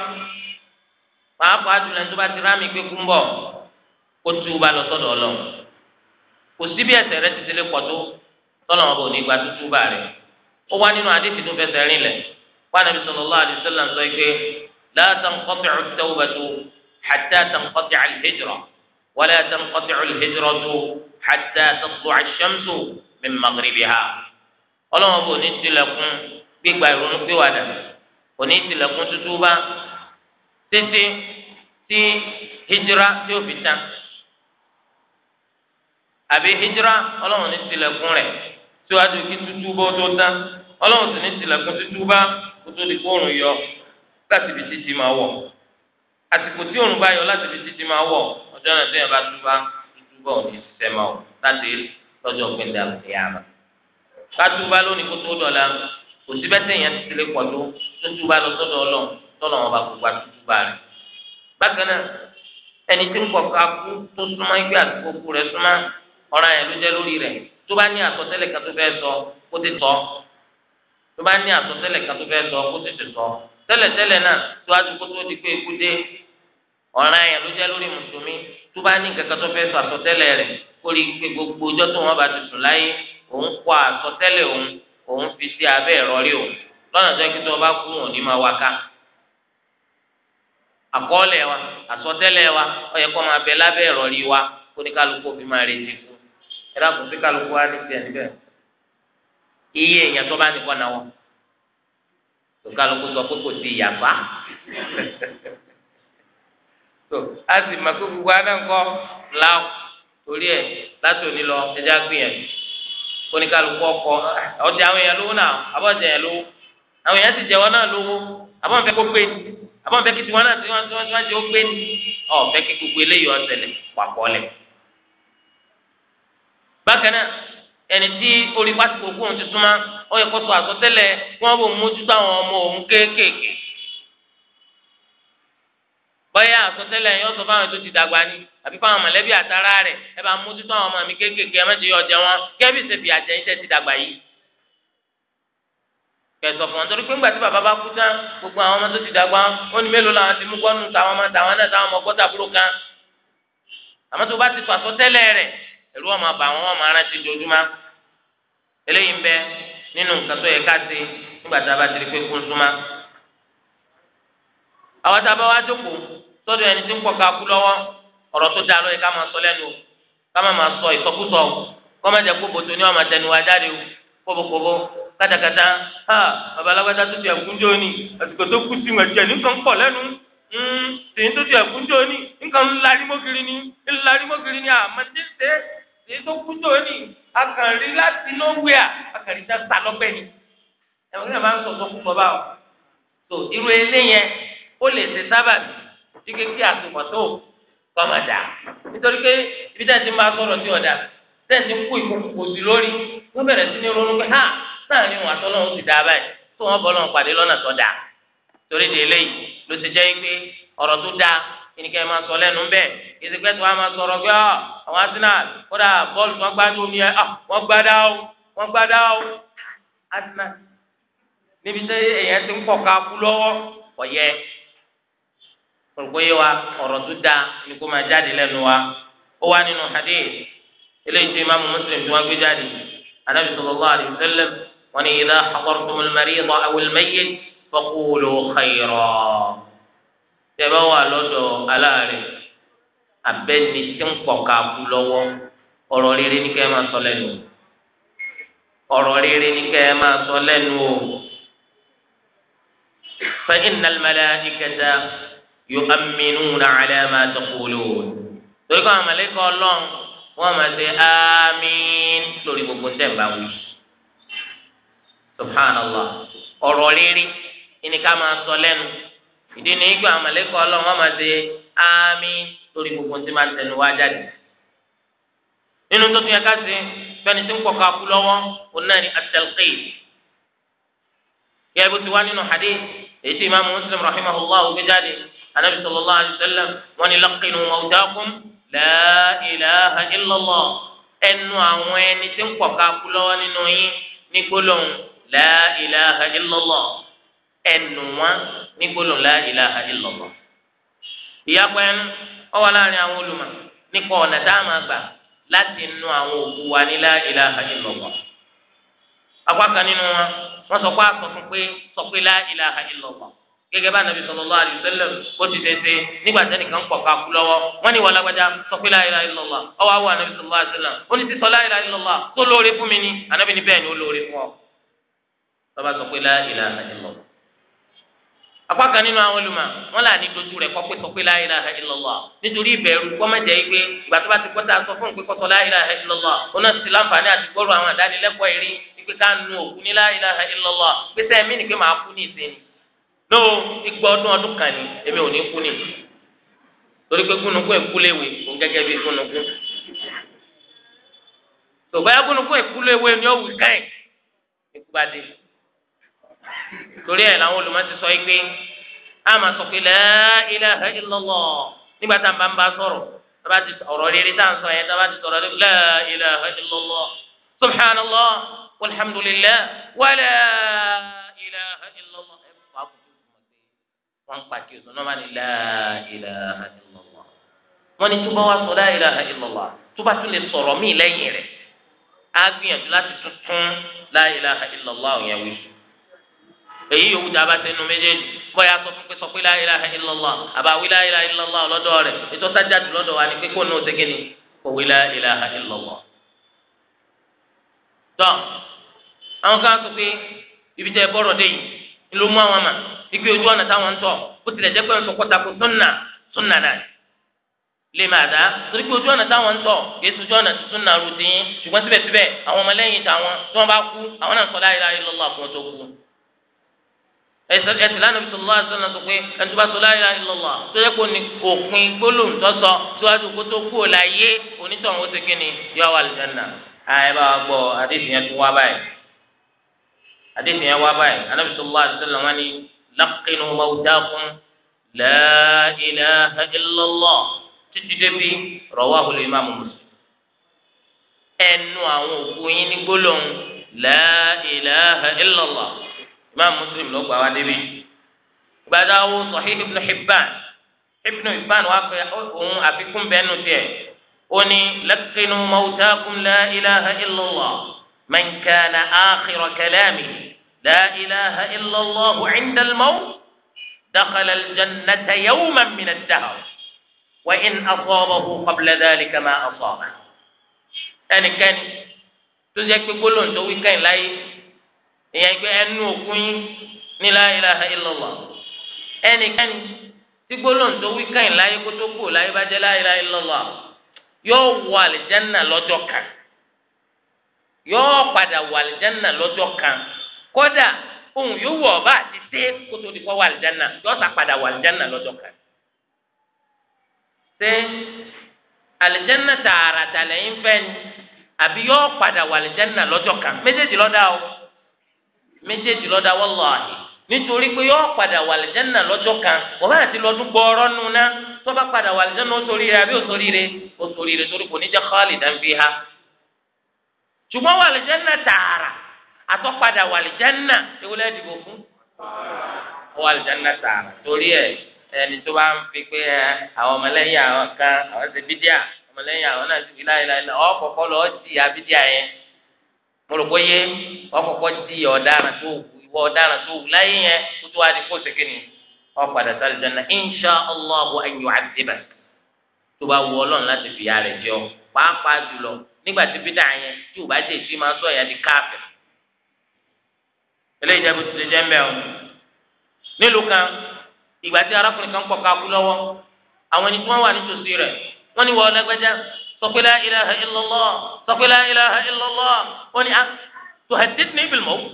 pàápàá jùlọ ẹni tó bá ti rámì pé kú ń bọ̀ kó tu bá sọ́dọ̀ ọlọ́run kò sí bí rẹ ti ṣe pọ̀ tó tọ́lọ̀ wọn bò ní gba tútú bá rẹ̀ ó wá nínú adé tìtún fẹsẹ̀ rìn lẹ̀ wá nàbí sallallahu alaihi wasallam sọ pé la tanqati'u at-tawbatu hatta tanqati'a al-hijra wa la tanqati'u al-hijratu hatta tatlu'a ash-shamsu min maghribiha ọlọ́wọ́n bò ní tilẹ̀kùn gbígba ìrònú pé wà dà kò tilẹ̀kùn tútú bá títí tí hijra tí ó fi tán àbí hijira ọlọ́run ní tilẹ̀kùn rẹ̀ síwájú kí tútú bó tó tán ọlọ́run sì ní tilẹ̀kùn tútú bá kó tó di kóòrùn yọ láti fi títí máa wọ̀ àsìkò tí òòrùn bá yọ láti fi títí máa wọ̀ ọjọ́ náà tó yẹn bá tú bá tútú bá òní ṣiṣẹ́ máa wọ̀ láti lọ́jọ́ gbẹ̀dẹ̀ àgbẹ̀yàmà ká tú bá lónìí kó tó dọ̀la kò síbẹ̀ tẹ̀yìn ti tilẹ̀ pọ̀ tó tó tú bá lọ sọ́dọ̀ ọlọ́run tọ́lọ̀ wọn bá gbogbo àtútù bá rẹ̀ bákan náà ẹni tí ń kọ̀ ká kú tó súnmọ́ ẹgbẹ́ àtúkò kú rẹ̀ súnmọ́ ọ̀ràn yẹn ló jẹ́ lórí rẹ̀ tó bá ní àsọtẹ́lẹ̀ kan tó fẹ́ sọ kó ti tọ́ tó bá ní àsọtẹ́lẹ̀ kan tó fẹ́ sọ kó ti ti tọ́ tẹ́lẹ̀tẹ́lẹ̀ náà tó a ti kó tó di pé ikú dé ọ̀ràn yẹn ló jẹ́ lórí mùsùlùmí tó bá ní kankan tó fẹ́ sọ àsọtẹ́lẹ̀ rẹ̀ kó rí i pé gbogbo ọjọ́ tó wọn bá ti sùn láyé òun kọ àsọtẹ́lẹ̀ òun òun fi sí abẹ́ ìrọ̀rí òun lọ́nà tó yẹ kí tó o bá kú òun ní máa wá àkọọ́lẹ̀ wa àsọtẹ́lẹ̀ wa ó máa bẹ lábẹ́ ìrọ̀rí wa kó ní kálukú fi máa retí kú ẹ̀rọ àkùnfin kálukú wa ní tiẹ̀ níbẹ̀ iye èèyàn tó bá ní kọ́ náwó tó kálukú sọ pé kò sí ìyàfa tó a sì mọ̀ pé gbogbo aná ńkọ́ la torí ẹ̀ láti òní lọ ẹja gbìyànjú ọkọ ọjà àwọn èèyàn lówó náà àbọ̀jà èèyàn lówó àwọn èèyàn ti náà lówó kó pé ní kí tiwọn náà tiwọn tiwọn tiwọn ó pé ní kí gbogbo eléyìí bákan náà ẹni tí orí pásítọ̀ kó òun ti súnmọ́ ó yẹ kó sọ àsọtẹ́lẹ̀ kí wọ́n bò mójútó àwọn ọmọ òun kéékèèké bọ́yá àsọtẹ́lẹ̀ yẹn sọ fáwọn tó ti dàgbà ni àbí fáwọn mọ̀lẹ́bí àtàrà rẹ̀ ẹ bá mójútó àwọn ọmọ mi kéékèèké ẹ mẹ́tẹ̀ẹ́ ọjà wọn kẹ́bí ṣèbí àjẹyìn tẹ́ ti dàgbà yìí kẹsàn fún wọn torí pé ńgbà tí bàbá bá kú tán gbogbo àwọn ọmọ tó ti dàgbà ó ní mélòó làwọn ti mú gbọ́nù táwọn ọmọ táwọn náà táwọn ọmọ gbọ́dà búrò kan àmọ́ tó bá ti pàṣọ tẹ́lẹ̀ rẹ̀ ẹ̀rú ọmọ bá wọn ọmọ aránsẹ dojúmọ́ eléyìí ń bẹ nínú nǹkan tó yẹ ká ṣe nígbà tá a bá tiri pé kún súnmọ́. àwọn tá a bá wá jókòó sọ́dọ̀ ẹni tí ń pọ̀ ká kú lọ́wọ́ ọ̀rọ̀ tó dáa lóye ká máa sọ lẹ́nu ká máa máa sọ ìsọkúsọ kó má jẹ́ kó bòtò ní ọmọ àtẹnuwá jáde kóbókóbó kátàkátà ha babalágbádá tó ti ẹ̀kúnjó ni àsìkò tó kú sí wọn jẹ nǹkan pọ̀ lẹ́nu hmm, tèyí tó ti ẹ̀kúnjó ni nǹkan ńlárímọ́kiri ni ńlárímọ́kiri ni àmọ́ tí ń tẹ́ èyí tó kú tó ní akànrí láti nowhere akànrí já sá lọ́gbẹ́ ni ẹ̀wọ̀n náà máa ń sọ̀tọ̀ fún bàbá o tó irú ilé yẹn ó lè ṣe sábàbí tí kékeré àsìkò tó kọ́ máa dà nítorí pé ibi tá a ti máa sọ̀rọ̀ sí ọ̀dà tẹ́sí kú ìkókò sí lórí wọ́n bẹ̀rẹ̀ sí ní ronú pé hàn láàrin wọn àtọ́ lọ́wọ́ ti dá báyìí tó wọ́n bọ́ lọ́wọ́ pàdé lọ́nà tó torí de eléyìí ló ti jẹ́ pé ọ̀rọ̀ tó dáa kí ni kẹ́ ẹ máa sọ lẹ́nu bẹ́ẹ̀ kí ẹ ti tó wá máa sọ̀rọ̀ pé àwọn Arsenal kódà bọ́ọ̀lù wọn gbá tó ní ẹ ah, wọn gbá dá o wọn gbá dá o Arsenal níbi tí èèyàn ti ń pọ̀ ká kú lọ́wọ́ ọ̀yẹ́ olùkóyè wa ọ̀rọ̀ tó dáa ni kó máa jáde lẹ́nu wa ó wá nínú hadith eléyìí tó imáàmù Muslim tí wọ́n gbé jáde anabi sallallahu alayhi wọn ni idha hadartumul marida awil mayyit faqulu khayra tẹ́ bá wà lọ́dọ̀ aláàrẹ̀ abẹ́ni tí ń pọ̀ ká kú lọ́wọ́ ọ̀rọ̀ rere ní kẹ́ ẹ máa sọ lẹ́nu o ọ̀rọ̀ rere ní kẹ́ ẹ máa sọ lẹ́nu o fa innal malaikata yu'minuna ala ma taqulun torí kọ́ àwọn mẹlẹ́kẹ́ ọlọ́run wọ́n máa ṣe àmín lórí gbogbo ń wí subhanallah ọ̀rọ̀ rere ní ká máa sọ lẹ́nu ìdí ni ìgbà àwọn mẹlẹ́kẹ́ ọlọ́run wọ́n máa ṣe àmín lórí gbogbo tí máa ń tẹnu wá jáde nínú tó tún yẹ ká ṣe fẹni tí ń kọkọ akú lọ́wọ́ òun náà ni atalqi yẹ bó ti wá nínú hadith èyí tí imaamu muslim rahimahullah gbé jáde anabi sallallahu alayhi wa sallam wọn ni laqinu mawtakum la ilaha illallah ẹnu àwọn ẹni tí ń kọkọ akú lọ́wọ́ nínú yín ní gbólóhùn la ilaha illallah ẹnu wọn ní gbólóhùn la ilaha illallah ìyá pẹ́ẹ́nu ó wà láàrin àwọn olùmọ̀ nípa ọ̀nà dáàmú àgbà láti nu àwọn òkú wa ní la ilaha illallah apá kan nínú wọn wọn sọ pé àsọ fún pé sọ pé la ilaha illallah gẹ́gẹ́ bá nàbí sallallahu alaihi wasallam ó ti tẹsẹ nígbà tẹnì kan kọ kakú lọ́wọ́ wọn ni wàlágbájá sọ pé la ilaha illallah ọwọ àwọn ànàbí sallallahu alaihi wasallam ó ní ti sọ la ilaha illallah tó lóore fún mi ni ànàbí ni bẹ́ẹ̀ ni ó lóore fún ọ apákan nínú àwọn olùmọ̀ wọn là ní dojú rẹ̀ kọpẹ sọ pé la ilaha illallah nítorí ìbẹ̀rù kọmọjẹ yìí pé ìgbà tó bá ti kọta sọ fún un pé kọsọ la ilaha illallah wọn náà ti láǹfààní àti gbọrọ àwọn àdánilẹ́kọ̀ọ́ ìrí pé ká nu òkú ní la ilaha illallah pé ni pé màá kú ní ìsẹni ló igbó ọdún ọdún kan ní èmi ò ní kú ní torí pé kúnukún èkúléwé òun gẹ́gẹ́ bí kúnukún tòbáyà torí ẹ̀ làwọn olùmọ̀ ti sọ yìí pé a máa sọ pé la ilaha illallah nígbà tá à ń bá ń bá sọ̀rọ̀ tábà ti ọ̀rọ̀ rere tá à ń sọ yẹn tábà ti sọ̀rọ̀ la ilaha illallah subhanallah walhamdulillah wala ilaha illallah ẹ̀ fà á kù wọn pàkí ọ̀sán náà máa ní la ilaha illallah wọn ni túbọ̀ wá sọ la ilaha illallah túbọ̀ tún lè sọ̀rọ̀ míì lẹ́yìn rẹ̀ á gbìyànjú láti tuntun la ilaha illallah yẹn wí èyí yòówù tí a bá sẹnu méjèèjì bóyá sọ fún pé sọ pé la ilaha illallah àbá wí la ilaha illallah lọ́dọ̀ rẹ̀ ètò sájà jù lọ́dọ̀ wa ni pé kó nù segin ni kò wí la ilaha illallah. àwọn kan sọ pé ibi tẹ bọ́rọ̀ dé yìí ló mú àwọn mà ikú ojú ọ̀nà táwọn ń tọ̀ bó tilẹ̀ jẹ́ pé nsọ̀kọ́ta kò sunna sunna náà lè máa dá torí pé ojú ọ̀nà táwọn ń tọ̀ èso ojú ọ̀nà tuntun náà rò dín ṣùgbọ́n síbẹ̀síbẹ̀ àwọn ọmọlẹ́yìn ẹsìn lánàá bí sọlá sọlá sọ pé ẹtù bá sọlá yìí lọlọ tó yẹ kó ní òpin gbólóhùn tọ́sọ síwájú kó tó kú ọ̀la yé onítọ̀hún ó ti kí ni yọ wà lùjánà. àyè bá wa gbọ́ àdéhùn yẹn tó wá báyìí àdéhùn yẹn wá báyìí anábì sọlá sọlá wọn ni lákínú mawtakum la ilaha illallah títí débi rawahu al-imam Muslim. ẹnu àwọn òkú yín ní gbólóhùn la ilaha imam muslim ló gbà wá débi gbadá wo sahih ibnu hibban ibnu hibban wà pé òun àfikún bẹ́ẹ̀ nù tiẹ̀ ó ní lakinu mawtakum la ilaha illallah man kana akhira kalami la ilaha illallah inda al-mawt dakhala al-jannata yawman min ad-dahr wa in asabahu qabla dhalika ma asaba ẹnikẹ́ni tó jẹ́ pé gbólóhùn tó wí kẹ́yìn láyé. ìyẹn pé ẹnu òkun yín ní la ilaha illallah tí gbólóhùn tó wí láyé kó tó kú láyé bá jẹ la ilaha yóò wọ àlìjánà kan yóò padà wọ lọ́jọ́ kan kódà ohun yóò ọba àti di wọ yóò sá padà wọ kan. ṣé tààràtà lẹ́yìn fẹ́ ni àbí yóò padà lọ́jọ́ kan méjèèjì lọ́dà o. méjèèjì lọ́dà wọ́láhì nítorí pé yọ padà wà lẹ́jẹ̀nà lọ́jọ́ kan bàbá àti lọ́dún gbọ́ọ́rọ́ nu ná tó bá padà wà lẹ́jẹ̀nà òsorí rẹ àbí òsorí rẹ òsorí rẹ torí kò ní jẹ́ khalidan fiha ṣùgbọ́n wà lẹ́jẹ̀nà tààrà àtọ́padà wà lẹ́jẹ̀nà ewúlẹ́ ìdìbò fún wà lẹ́jẹ̀nà tààrà torí ẹ̀ ẹni tó bá ń fi pé àwọn ọmọlẹ́yìn àwọn kan àwọn ti bídíà ọmọlẹ́yìn àwọn náà ti mo rò pé yé ọkọ̀kọ́ di ọ̀daràn tó ìwọ ọ̀daràn tó láyé yẹn kó tó di kó sèké ni ọ sáré jẹ́ náà insha tó bá wù láti fi jọ pàápàá jùlọ nígbà tí bídà yẹn tí bá di ti o nílùú kan ìgbà tí kan pọ̀ lọ́wọ́ àwọn ẹni tí wọ́n wà nítòsí rẹ̀ wọ́n ní sọ pé la ilaha illallah sọ pé la ilaha illallah ó تهددني بالموت ah,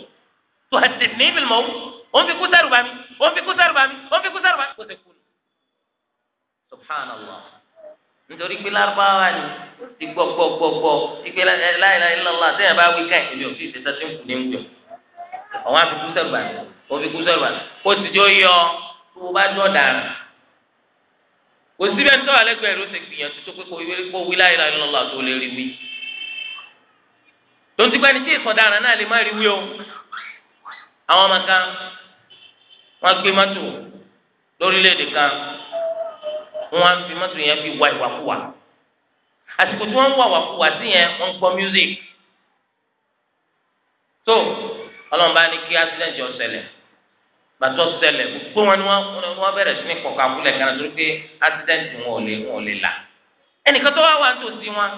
tuhadidni bil mawt tuhadidni bil mawt هم في fi kú sẹ́rù bá mi ó ń fi kú sẹ́rù bá mi ó ń fi kú sẹ́rù bá mi kó ṣe kú ni. subhanallah nítorí pé lárúbáwá ni ti gbọ́ gbọ́ gbọ́ gbọ́ ìpè la bá wí káyìn mi ò fi ṣe sẹ́sìn kù ní ń gbìn ọ̀wọ́n á fi kú sẹ́rù bá mi ó fi ti jó yọ tó o bá jọ dàrú kò síbẹ̀ ń tọ́wọ́ alẹ́gbẹ̀ẹ́ ló ṣe gbìyànjú tó pé kó wí láyé láyé lọ́la tó lè rí wí. lóun ti gbá ní tí ìsọ̀daràn náà lè má rí wí o. àwọn ọmọ kan wọ́n gbé mọ́tò lórílẹ̀‐èdè kan wọ́n á fi mọ́tò yẹn fi wá ìwàkuwà. àsìkò tí wọ́n ń wá ìwàkuwà sí yẹn wọ́n ń gbọ́ music. tó ọlọ́run bá ní kí accident yọ ṣẹlẹ̀. So, gbàtọ́ ṣẹlẹ̀ gbogbo wọn ni wọ́n bẹ̀rẹ̀ sí ní kọ̀kàkúlẹ̀ kan torí pé accident wọn ò lè wọn ò lè là ẹnìkan tó wá wà nítòsí wọn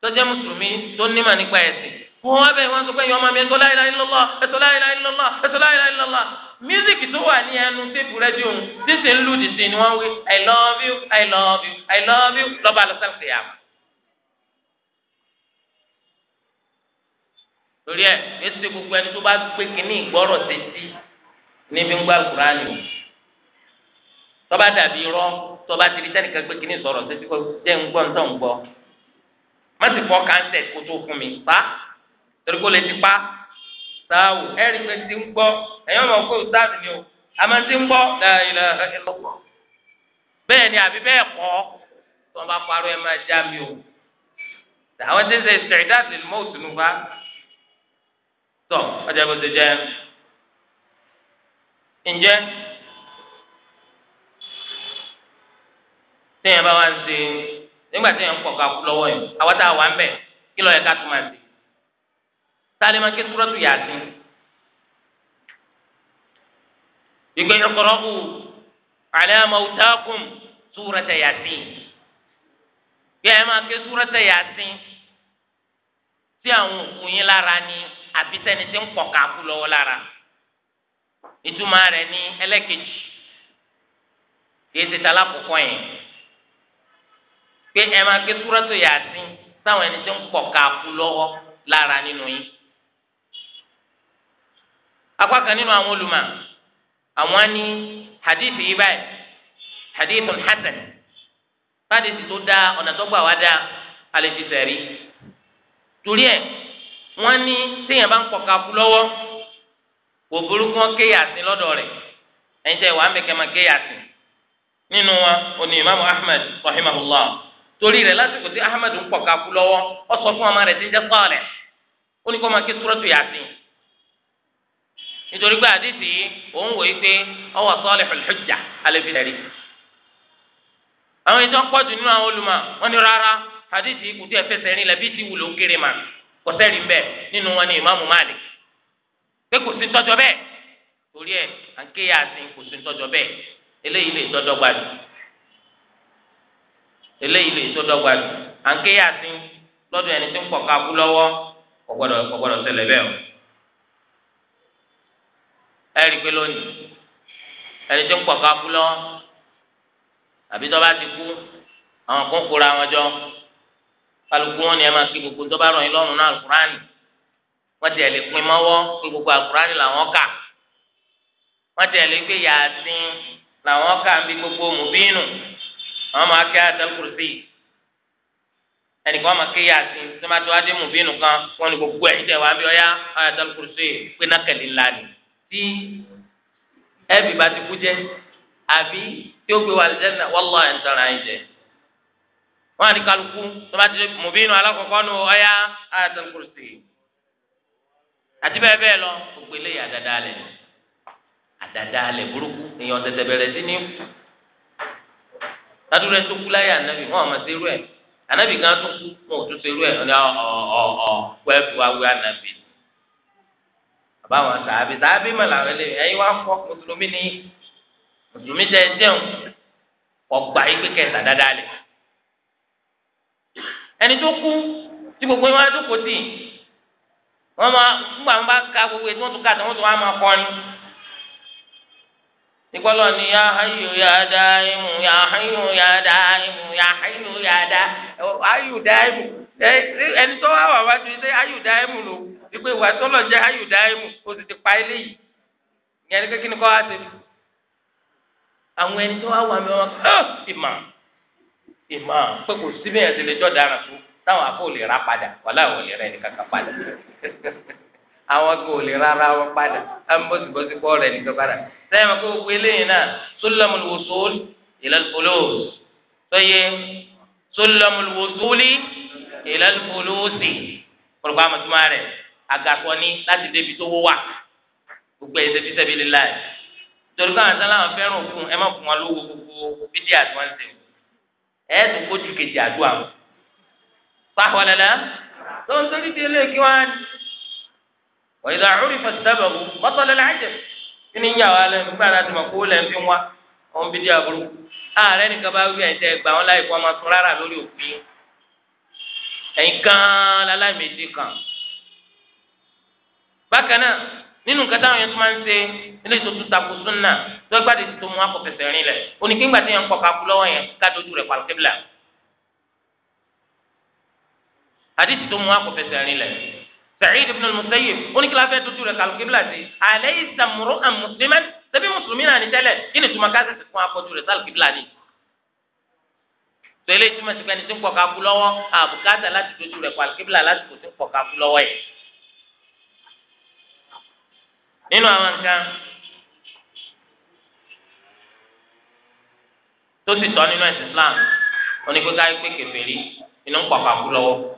tó jẹ́ mùsùlùmí tó nímọ̀ nípa ẹ̀sìn fún wọn bẹ́ẹ̀ wọ́n sọ pé ìyọ́n máa mi ẹ̀tọ́ la ilaha illallah ẹ̀tọ́ la ilaha illallah ẹ̀tọ́ la ilaha illallah mísíkì tó wà ní ẹnu téèpù rẹ́díò sísè ń lù dìsí ni wọ́n wí i love you i love you i love you lọ́ba lọ́sàkùnrin àmà. torí ẹ èsì gbogbo ẹni tó bá gbé kínní ìgbọ́rọ̀ sétí níbi ń gbọ́ àkùránì o tọ́ba dàbí irọ́ tọ́ba ti di sẹ́nìkan gbé kínní sọ̀rọ̀ sí kó jẹ́ ń gbọ́ ntọ́ ń gbọ́ má sì fọ́ káńtẹ̀ kó tó fún mi pa torí kó lè ti pa sáwù ẹ̀rí pé ti ń gbọ́ ẹ̀yọ́ mọ̀ pé òtáàdì ni o àmọ́ ti ń gbọ́ ilẹ̀ ẹlọ́pọ̀ bẹ́ẹ̀ ni àbí bẹ́ẹ̀ kọ́ tí bá parọ́ ẹ máa já mi o àwọn tí ń sẹ́ ìsẹ̀dáàdì ǹjẹ́ téèyàn bá wá ń ṣe nígbà téèyàn ń pọ̀ ká kú lọ́wọ́ yìí àwọn tá a wà ń bẹ̀ kí lọ́ọ́ yẹ ká tún máa ṣe sáré máa ké túrọ́tù Yásìn ìgbẹ́ ìrọ̀kọ̀rọ̀kù ala mawtakum súrata Yásìn bí ẹ máa ké súrata Yásìn sí àwọn òkú yín lára ni àbí sẹ́ni tí ń pọ̀ kú lọ́wọ́ lára ìtumọ̀ rẹ̀ ní ẹlẹ́kejì kì í ṣe ta lákòókò yẹn pé ẹ máa ké súrọ́tò yàtí sáwọn ẹni tí ń pọ̀ káàkú lọ́wọ́ lára nínú yín apá kan nínú àwọn olùmọ̀ àwọn ní hadith yìí báyìí hadith hasan fádìsì tó dáa ọ̀nà tó gbà wá dáa alẹ́ ti sẹ̀rí torí ẹ̀ wọ́n ní téèyàn bá ń pọ̀ káàkú lọ́wọ́. kò burúkú wọn kéyà sí lọ́dọ̀ rẹ̀ ẹ̀yin tẹ́ wà á mẹkẹ máa kéyà sí nínú wa oní imaamu ahmed rahimahullah torí rẹ̀ lásìkò tí ahmed ń pọ̀ kakú lọ́wọ́ ọ sọ fún ọmọ tí ń jẹ́ ó ní kó máa ké nítorí pé àdìsí òun wòye pé rí àwọn ìjọ pọ̀jù nínú àwọn olùmọ̀ wọn ni rárá àdìsí kùtì ẹ̀fẹsẹ̀ rìn lẹ́bí ti wù kéré mà kọ́sẹ́rì pé kò sí tọ́jọ́ bẹ́ẹ̀ torí ẹ̀ à ń kéye àsìn kò sí tọ́jọ́ bẹ́ẹ̀ eléyìí lè tọ́jọ́ gbadù eléyìí lè tọ́jọ́ gbadù à ń kéye àsìn lọ́dún ẹni tó ń pọ̀ káàkú lọ́wọ́ ọ̀gbọ́dọ̀ ọ̀gbọ́dọ̀ ṣẹlẹ̀ bẹ́ẹ̀ o ẹ rí i pé lónìí ẹni tó ń pọ̀ káàkú lọ́wọ́ àbí tó bá ti kú àwọn kan kóra wọn jọ kálukú wọn ni ẹ máa kí gbogbo tó bá rọ̀ yín lọ́rùn náà wọ́n ti ẹ̀lẹ́ pin mọ́wọ́ pé gbogbo àkùránì làwọn kà wọ́n ti ẹ̀lẹ́ pé yàásín làwọn kà ń bí gbogbo mùbínú àwọn máa kẹ́ àtẹkùrúsì ẹnìkan máa kẹ́ yàásín tó máa tó adé mùbínú kan wọ́n ní gbogbo ẹ̀ tẹ̀ wá bí ọ̀yá àtẹkùrúsì pé nákẹ́lì ńlá ni tí ẹ̀bì bá ti kú jẹ́ àbí tí ó gbé wà lẹ́nà wọ́lọ́ ẹ̀ ń tọ́ra ẹ̀ jẹ́ wọ́n á ní kálukú tó máa ti àti bẹ́ẹ̀ bẹ́ẹ̀ lọ gbogbo eléyìí àdàdà alẹ̀ àdàdà alẹ̀ burúkú èèyàn tẹ̀tẹ̀ bẹ̀rẹ̀ sí ní ládùúgbò ẹ̀ tó kú láyé ànábì wọn àmọ́ sí irú ẹ̀ ànábì kan tó kú wọn ò tún sí irú ẹ̀ ọ̀nà ọ̀ọ̀ pẹ́ẹ́fù awé ànábì àbáwọn sàábì sàábì mọ̀ làwọn eléyìí ẹ̀yin wá fọ́ mùsùlùmí ni mùsùlùmí tẹ ẹ jẹun ọgbà yìí pé kẹta dáadáa lẹ̀ ẹni tó kú tí gbogbo ẹ̀ wọn á dúkòó sí i. wọ́n máa nígbà ka gbogbo ètò wọn tún ká tó wọn máa kọrin ya hayu ya daimu ya hayu ya daimu ya hayu ya da ayu imu ẹni tó wá wà wájú ilé ayu daimu lò wípé ìwà o ti pa eléyìí ìyẹn ni kékeré kọ́ wá sí i àwọn ẹni tó wá wà mí wọn pé kò ti lè jọ́ dára táwọn afọ ò lè ra padà wàhálà ò lè ra ẹnìkan kan padà àwọn kò lè rárá wọn padà amúbọ̀sibọ̀sí kọ́ rẹ̀ nìkan padà sẹ́yìn kó gbé lẹ́yìn náà sulamul wusul ilal fulus sọye sulamul wusuli ilal fulusi kọlùkọ́ àmọ̀túmọ̀ rẹ̀ àgàtọ̀ ni láti débi tó wó wà gbogbo ẹ̀yẹ sẹ́bi sẹ́bi lílá ẹ̀ torí káwọn sálá wọn fẹ́ràn òfin ẹ má fún wọn lówó gbogbo bídíà tí wọ́n ń sáwọn lẹ́la tó ń torí di ilé kí wọ́n á ní. wọ́n yìí dàrú ìfọ̀ sábàbù bọ́tọ̀lẹ̀ láàjẹ̀ kí ni yàrá lẹ́ nígbà láti mọ̀ kó lẹ́ fi wá ọ̀n bí di àbúrò. ààrẹ nìkan bá wí ẹ̀jẹ̀ gbà wọn láì kó ọmọ tún rárá lórí òfin. ẹ̀yin kan láláì méjì kan. bákan náà nínú nǹkan táwọn yẹn tún máa ń ṣe nílé ìtòtú takò súnà tó gbàdé tó mú akọ̀fẹ̀sẹ̀ rìn lẹ̀ oníkéngbà tí yẹn ń pọ̀ kakú lọ́wọ́ yẹn ká dojú rẹ̀ pàlùkẹ́bìlà hadith tó mú akọ fẹsẹ̀ rin lẹ̀ Sa'id ibn al-Musayyib oníkìlá fẹ́ tuntun rẹ̀ kàlùkì bílà sí alaysa mur'an musliman ṣebí mùsùlùmí náà ní tẹ́lẹ̀ kí ni tuma káṣí fún afọ́jú rẹ̀ sálùkì bílà ni. tẹ́lẹ̀ tí ma ti gbani tí ń kọ̀ọ̀ká kú lọ́wọ́ àbùkátà láti tuntun rẹ̀ kàlùkì bílà láti kò tí ń kọ̀ọ̀ká kú lọ́wọ́ yẹ. nínú àwọn nǹkan tó sì tọ́ nínú ẹ̀sìn Islam oníkókó ayé pé kèfèrí inú ń kú lọ́wọ́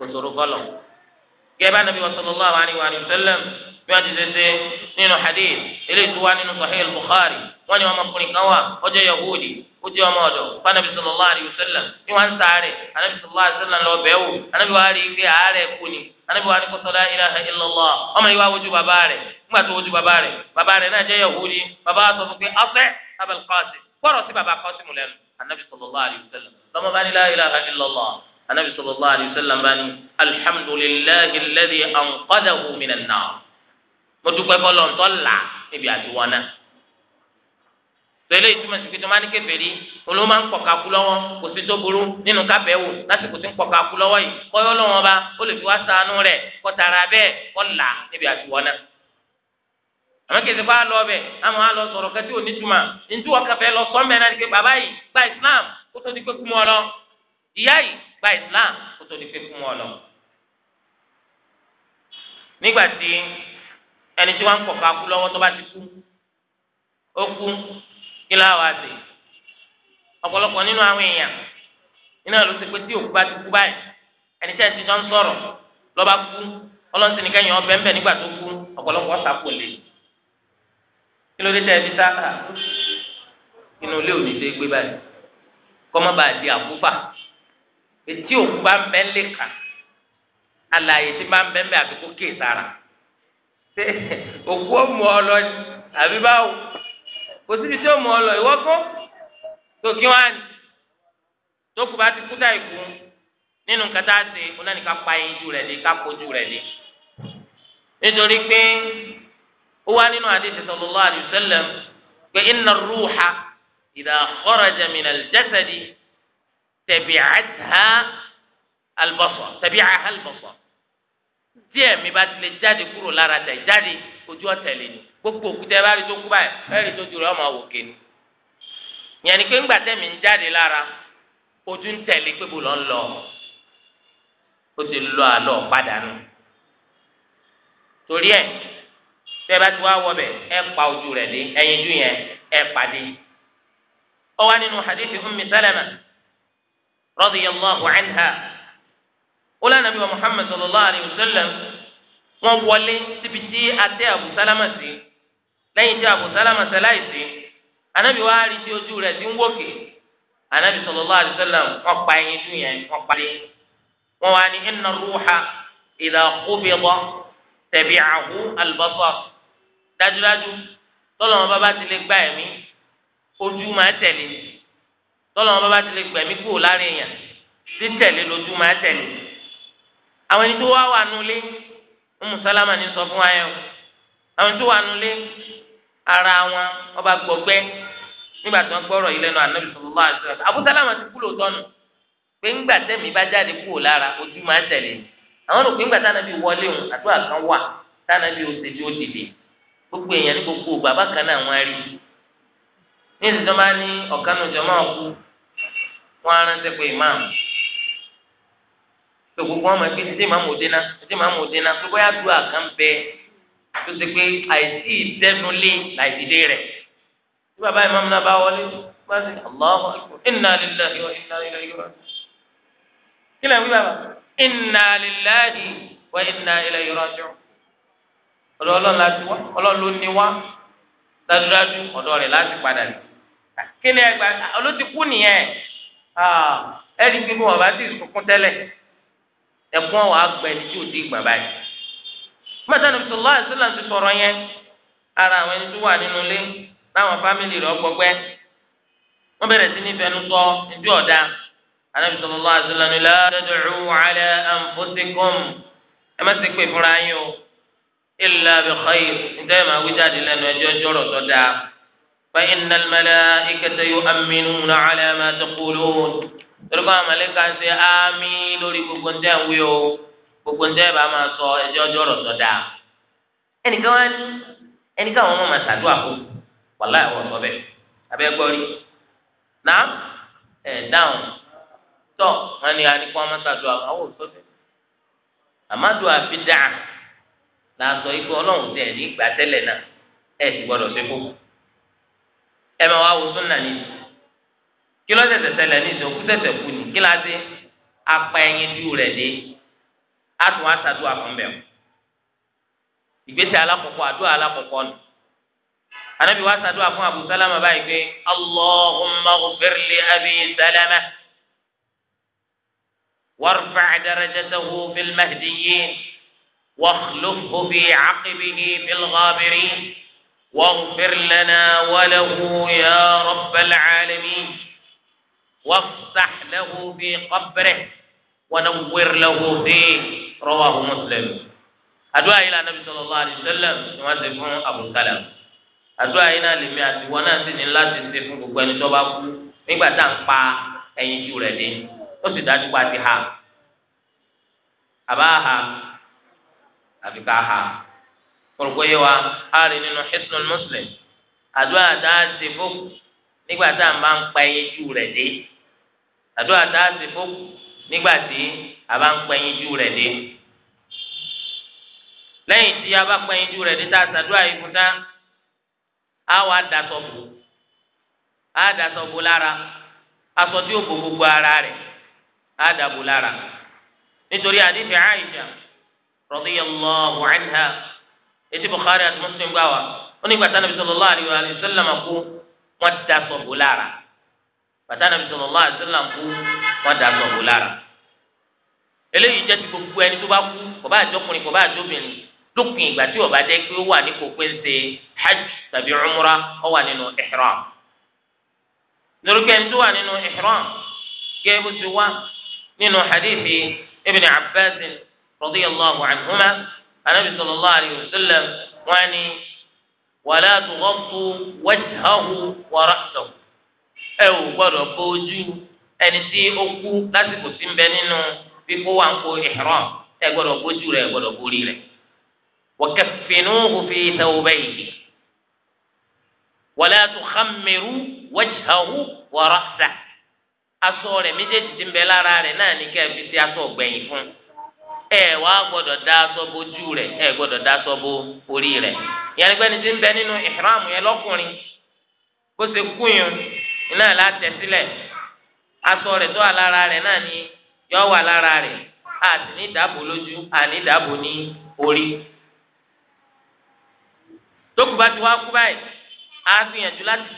kòtòrò kọlọ gẹba nabi wa sallallahu alayhi wa sallam bí wọn ti ṣe ṣe nínú hadith eléyìí tó wá nínú sahih al-bukhari wọn ni wọn ọmọkùnrin kan wà ọjọ yahudi ó jẹ ọmọ ọdọ fanabi sallallahu alayhi wa sallam bí wọn sáré anabi sallallahu alayhi wa sallam lọ bẹ̀wò anabi wa rí i pé àárẹ̀ kú ni anabi wa ní kó sọlá ilaha illallah ọmọ yìí wá wojú bàbá rẹ̀ nígbà tó wojú bàbá rẹ̀ bàbá rẹ̀ náà jẹ yahudi bàbá sọ fún pé afẹ abel qasim sí bàbá qasim lẹ́nu anabi sallallahu alayhi wa sallam lọmọ bá ní ilaha illallah anabi sallallahu alayhi wa sallam bá ní alhamdulillahi alladhi anqadahu minan nar mo dúpẹ́ bọ́lọ̀ ń tọ́ là níbi àtiwọ́n náà tẹlẹ ìtumọ̀ sí kìtọ́ máa ní kẹfẹ́rí olóò máa ń pọ̀ kakú lọ́wọ́ kò sí tó burú nínú kábẹ́ wò lásìkò tí ń pọ̀ kakú lọ́wọ́ yìí kọ́yọ́ lọ́wọ́ bá ó lè fi wá ṣàánú rẹ̀ kọ́ tara bẹ́ẹ̀ kọ́ là níbi àtiwọ́ àmọ́ kìí ṣe fún alọ́ bẹ̀ àmọ́ alọ́ sọ̀rọ̀ kẹ́tí ò ní tuma ntí kẹfẹ́ lọ sọ́mbẹ́ náà ni pé bàbá yìí gba Islam kó tó di pé kú mọ́ ọ ìyá yìí gba islam kó tó di pé fún wọn lọ. nígbà tí ẹni tí wọ́n ń kọ̀ọ̀ká kú lọ́wọ́ tó bá ti kú ó kú kí láwa dé ọ̀pọ̀lọpọ̀ nínú àwọn èèyàn iná ló ti pé tí òkú bá ti kú báyìí ẹni tí ẹni tí wọ́n ń sọ̀rọ̀ lọ́ba kú ọlọ́sìn ní kẹ́yìn ọbẹ̀ ńbẹ̀ nígbà tó kú ọ̀pọ̀lọpọ̀ sàpò lè kí ló dé tẹ́ ẹ fi sáà ah, inú ilé òní dé gbé báyìí kọ́mọ́ bá di àkúfà etí òkú bá ń bẹ́ ń lè kà alàyè tí bá ń bẹ́ ń bẹ́ àbí kó kéè sára ṣé òkú ó mú ọ lọ àbí báwo kò síbi tí ó mú ọ lọ ìwọ kó tó kí wọn àní tó kú bá ti kú dà ìkú nínú nǹkan ṣe onáni ká pa ijú rẹ̀ lé ká kojú rẹ̀ lé nítorí pé ó wá nínú àdéhùn sallallahu alaihi wasallam pé inna ar-ruha idha kharaja min tẹ̀bíàtà البصر tẹ̀bíàtà albọ́sọ̀ díẹ̀ mi bá tilẹ̀ jáde kúrò lára tẹ̀ jáde ojú ọ̀tẹ̀lẹ̀ ni gbogbo òkúta ẹ bá rí tó kú báyìí ẹ rí tó ju rẹ ọmọ wò kéne yẹn ni pé ńgbà tẹ̀mí ń jáde lára ojú ń tẹ̀lé pé bò lọ́ ń lọ ó ti lọ àlọ́ padà nù torí ẹ̀ tẹ́ bá ti wá wọbẹ̀ ẹ pa ojú rẹ̀ lé ẹyin jú yẹn ẹ pàdé ó nínú hadithi ummi salama radiyallahu anha ó lẹ́nu àbí wa muhammed sallallahu alayhi wa sallam wọ́n wọlé síbi tí adé abu salama sí lẹ́yìn tí abu salama sẹ́láì sí anabi wa rí tí ojú rẹ̀ ti ń wókè anabi sallallahu alayhi wa sallam wọ́n pa ẹyin dùn yẹn wọ́n parí wọ́n wá ní inna ruuxa idha qubida tabi'ahu al-basar dájúdájú tọ́lọ́mọba bá ti lè gbá ẹ̀mí ojú máa tẹ̀lé tọ́lọ́mọ bá bá ti lè gbẹ̀mí kúrò láàrin èèyàn títẹ̀lé lójú máa tẹ̀lé àwọn ẹni tó wá wà nulẹ̀ Ummu Salama ní sọ fún wa yẹn o àwọn tó wà nulẹ̀ ara wọn ọba gbọgbẹ́ nígbà tí wọ́n gbọ́rọ̀ yìí lẹ́nu Ànábì sallallahu alaihi wasallam Abu Salama ti kú lóòótọ́ nù pé ńgbà tẹ́mi bá jáde kúrò lára ojú máa tẹ̀lé àwọn rò pé ńgbà tánàbí wọlé òun àdúrà kan wà tánàbí òsè tí ó dìde gbogbo èèyàn ní gbogbo bàbá kan náà wọ́n rí ní ìsìtọ́ bá ní ọ̀kanùjọ́ máa kú wọn aránṣẹ́ pé ìmáàmù tó gbogbo wọn máa gbé títí ìmáàmù òdena títí ìmáàmù òdena tó bóyá dùn àkàn bẹ tó ṣe pé àìsí ìdẹnulé làìdílé rẹ tí bàbá ìmáàmù náà bá wọlé bá sì Allahu akbar inna lillahi wa inna ilayhi raji'un kí lè wí bàbá inna lillahi wa inna ilayhi raji'un ọ̀dọ̀ Ọlọ́run láti wá Ọlọ́run ló ní wá dájúdájú ọ̀dọ̀ rẹ̀ láti padà kí ni ẹgbàá olóòtú kú nìyẹn. Ah, ẹni pé wọn bá ti sunkún tẹ́lẹ̀ ẹ̀kún àwọn àgbà ẹni tí ò ti gbà báyìí. mọ́tà ní sọlá ìṣúná ti sọ̀rọ̀ yẹn ara àwọn ẹni tó wà nínú ilé láwọn fámìlì rẹ̀ ọgbọgbẹ́ wọ́n bẹ̀rẹ̀ sí ní fẹnu sọ ìdí ọ̀dà anábì sọlá ìṣúná ni ládàdùrú alẹ́ àǹfọ̀sẹ̀kọ́m ẹ má ti pè fúnra yín o ìlà bìkọ́yì nítorí màá wí jáde lẹ́nu ẹjọ́ jọ̀rọ̀ tó dáa. فإن الملائكة يؤمنون على ما تقولون toríko àwọn mẹlẹka ń ṣe ámì lórí gbogbo ń dẹ́n wí o gbogbo ń dẹ́n bá máa sọ ẹjọ́ ọjọ́ ọ̀rọ̀ sọ dáa ẹnìkan wá ní ẹnìkan àwọn ọmọ màá ṣàdúrà kó wàlá ẹ̀wọ̀ sọ bẹ́ẹ̀ abẹ́ rí nà ẹ̀ dáhùn tọ́ wọn ni àníkọ́ ọmọ ṣàdúrà àwọn sọ bẹ́ẹ̀ àmàdù àfi dáa là ikú ọlọ́run tẹ̀ ní ìgbà tẹ́lẹ̀ náà ẹ̀ ti gbọ́dọ̀ ṣe fún ẹ máa wá wo súnà ní kí ló tẹ̀sẹ̀ ṣẹlẹ̀ ní ìsìn òkú tẹ̀sẹ̀ kú ni kí láti apá ẹyin dúró rẹ̀ dé á tún wá ṣàdúrà fún bẹ́ẹ̀ ìgbésẹ̀ alákọ̀ọ́kọ́ àdúrà alákọ̀ọ́kọ́ nù anabi wa ṣàdúrà fún abu salama báyìí pé allahumma ghfirli abi warfa' darajatahu fil mahdiyyin wakhlufhu fi واغفر لنا وله يا رب العالمين وافتح له في قبره ونور له فيه رواه مسلم àdúà yìí la Ànábì sallallahu alaihi wasallam ni wọ́n ṣe fún Abu Salam àdúà yìí náà lèmi àti wọn náà sì ní láti ṣe fún gbogbo ẹni tó bá kú nígbà tá à ń pa ẹyin ju rẹ̀ dé ó sì dájú pa ti ha àbá ha àfi ká ha kọlùkọyẹ wa a rí nínú Hisnul Muslim àdúrà tá a ti fún nígbà tá a máa ń pa ẹyin jù rẹ̀ dé àdúrà tá a ti fún nígbà tí a bá ń pa ẹyin jù rẹ̀ dé lẹ́yìn tí a bá pa ẹyin jù rẹ̀ dé tá a ṣàdúrà yìí fún tán a wà dasọ bò a dasọ bò lára gbogbo ara rẹ̀ a dàbò lára nítorí àdìsí Aisha radiyallahu anha etí Bukhari àti Muslim gbà wá ó ní gbàtà nàbí sallallahu alaihi wa sallam kú wọn da sọ̀bù lára gbàtà nàbí sallallahu alaihi wa sallam kú wọn da sọ̀bù lára eléyìí jẹ́ ti gbogbo ẹni tó bá kú kò bá àjọkùnrin kò bá àjọbìnrin lópin ìgbà tí ó bá jẹ́ pé ó wà ní kò pé ń ṣe hajj tàbí umra ó wà nínú ihram nítorí ẹni tó wà nínú ihram gẹ́gẹ́ bó ti wá nínú hadithi ibn Abbas radiyallahu anhuma anabi sallallahu alayhi wa sallam wọn ni wàlá àtúwọ́pù wajhahu wa ra'sahu ẹ ò gbọ́dọ̀ bójú ẹni tí ó kú lásìkò tí ń bẹ nínú fífó wà ń kó ihram ẹ gbọ́dọ̀ bójú rẹ̀ gbọ́dọ̀ borí rẹ̀ wa kaffinuhu fi thawbayhi wàlá tukhammiru wajhahu wa ra'sahu aṣọ rẹ̀ méjèèjì tí ń bẹ lára rẹ̀ náà ní kẹ́ sí aṣọ ọ̀gbẹ̀yìn fún un. ẹ wá gbọ́dọ̀ dá aṣọ bójú rẹ ẹ gbọ́dọ̀ dá aṣọ orí rẹ̀ yẹn nígbà tí ń bẹ nínú ìhìrámù yẹn lọ́kùnrin bó ṣe kúnyùn iná látẹ aṣọ rẹ̀ tó wà lára rẹ̀ ni yọ wà lára rẹ̀ àti ní ìdáàbò lójú àní ìdáàbò ní orí tókùbá ti wá kú báyìí á gbìyànjú láti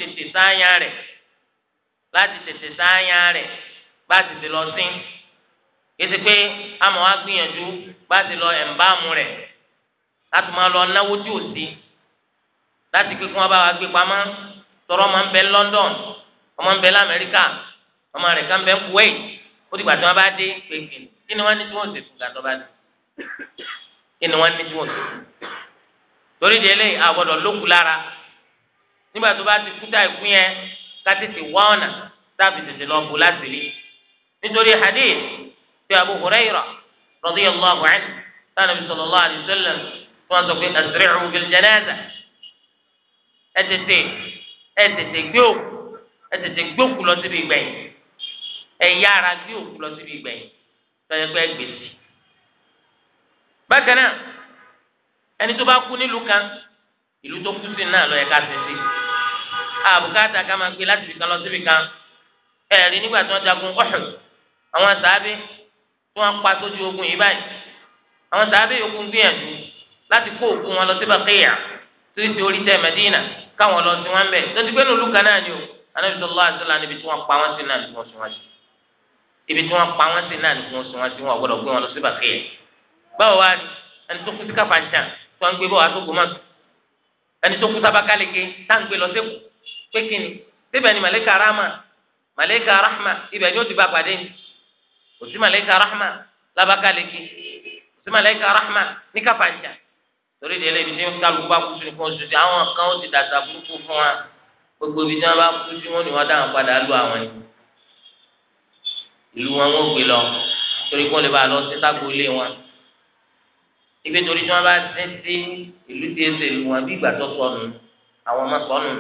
yìí pé àmọ́ wa gbìyànjú bá ti lọ ẹ̀ǹbáàmù rẹ̀ láti máa lọ náwó tí ò sí láti pé kí wọ́n bá wa gbé pamọ́ tọrọ máa ń bẹ London ọmọ ń bẹ lamẹ́ríkà ọmọ rẹ̀ kan bẹ Kuwait ó dìgbà tí wọ́n bá dé pé kí ni wọ́n ní tí wọ́n ṣe fún gàdọ́ bá dé kí ni wọ́n ní tí wọ́n ṣe fún torí délé àgbọ̀dọ̀ lókù lára nígbà tó bá ti kúta ìkún yẹn ká tètè wá ọ̀nà táàbì tètè lọ bò láti rí nítorí hadith bí أبو هريرة رضي الله عنه قال alayhi wa sallam tí wọ́n sọ pé asri'u bil janaza ẹ tètè ẹ tètè gbé òkú جو tètè gbé òkú lọ síbi ìgbẹ̀yìn ẹ yára gbé òkú lọ síbi ìgbẹ̀yìn tọ́jú pé ẹ gbèsè. bákan náà ẹni tó bá kú nílùú kan ìlú tó kú sí náà lọ yẹ ká sèse àbùkátà ká máa gbé láti ibìkan lọ síbìkan ẹ̀rí nígbà tí wọ́n jagun Uhud àwọn sàábé tí wọ́n pa sójú ogun yìí báyìí àwọn sàábé yòókù ń gbìyànjú láti kó òkú wọn lọ sí bàkéyà tó ti orí tẹ mẹdínà káwọn lọ sí wọn bẹ tó ti gbé kan náà ni o anábì sọlá àṣìlá níbi tí wọ́n pa wọn sí náà ni wọ́n sún wọn sí ibi tí wọ́n pa wọn sí náà ni wọ́n sún wọn sí wọn gbọ́dọ̀ gbé wọn lọ sí bàkéyà báwo wá ni ẹni tó kú sí káfáńtà tó ń gbé bọ́ wàá tó gbó mọ́tò ẹni tó kú sábàkálẹ̀kẹ́ tá ń gbé lọ sẹ́kù pé kíni síbẹ̀ ni màlẹ́kà rahma màlẹ́kà rahma ibẹ̀ ni ó ti bá pàdé ni òsì màlẹ́kà rahma labakalẹ́kì òsì màlẹ́kà rahma ní káfáńjà torí de ẹlẹ́bi tí kálukú bá kú sí nǹkan oṣù tí àwọn kan ó ti dàgbà burúkú fún wa gbogbo ibi tí wọn bá kú sí wọn ni wọn dáhùn padà lù àwọn ni ìlú wọn wọn gbé lọ torí kí wọn lè bá lọ sí ságbólé wọn ibi torí tí wọn bá sí sí ìlú tí èsè ìlú wọn bí ìgbà tó sọnù àwọn ọmọ sọnù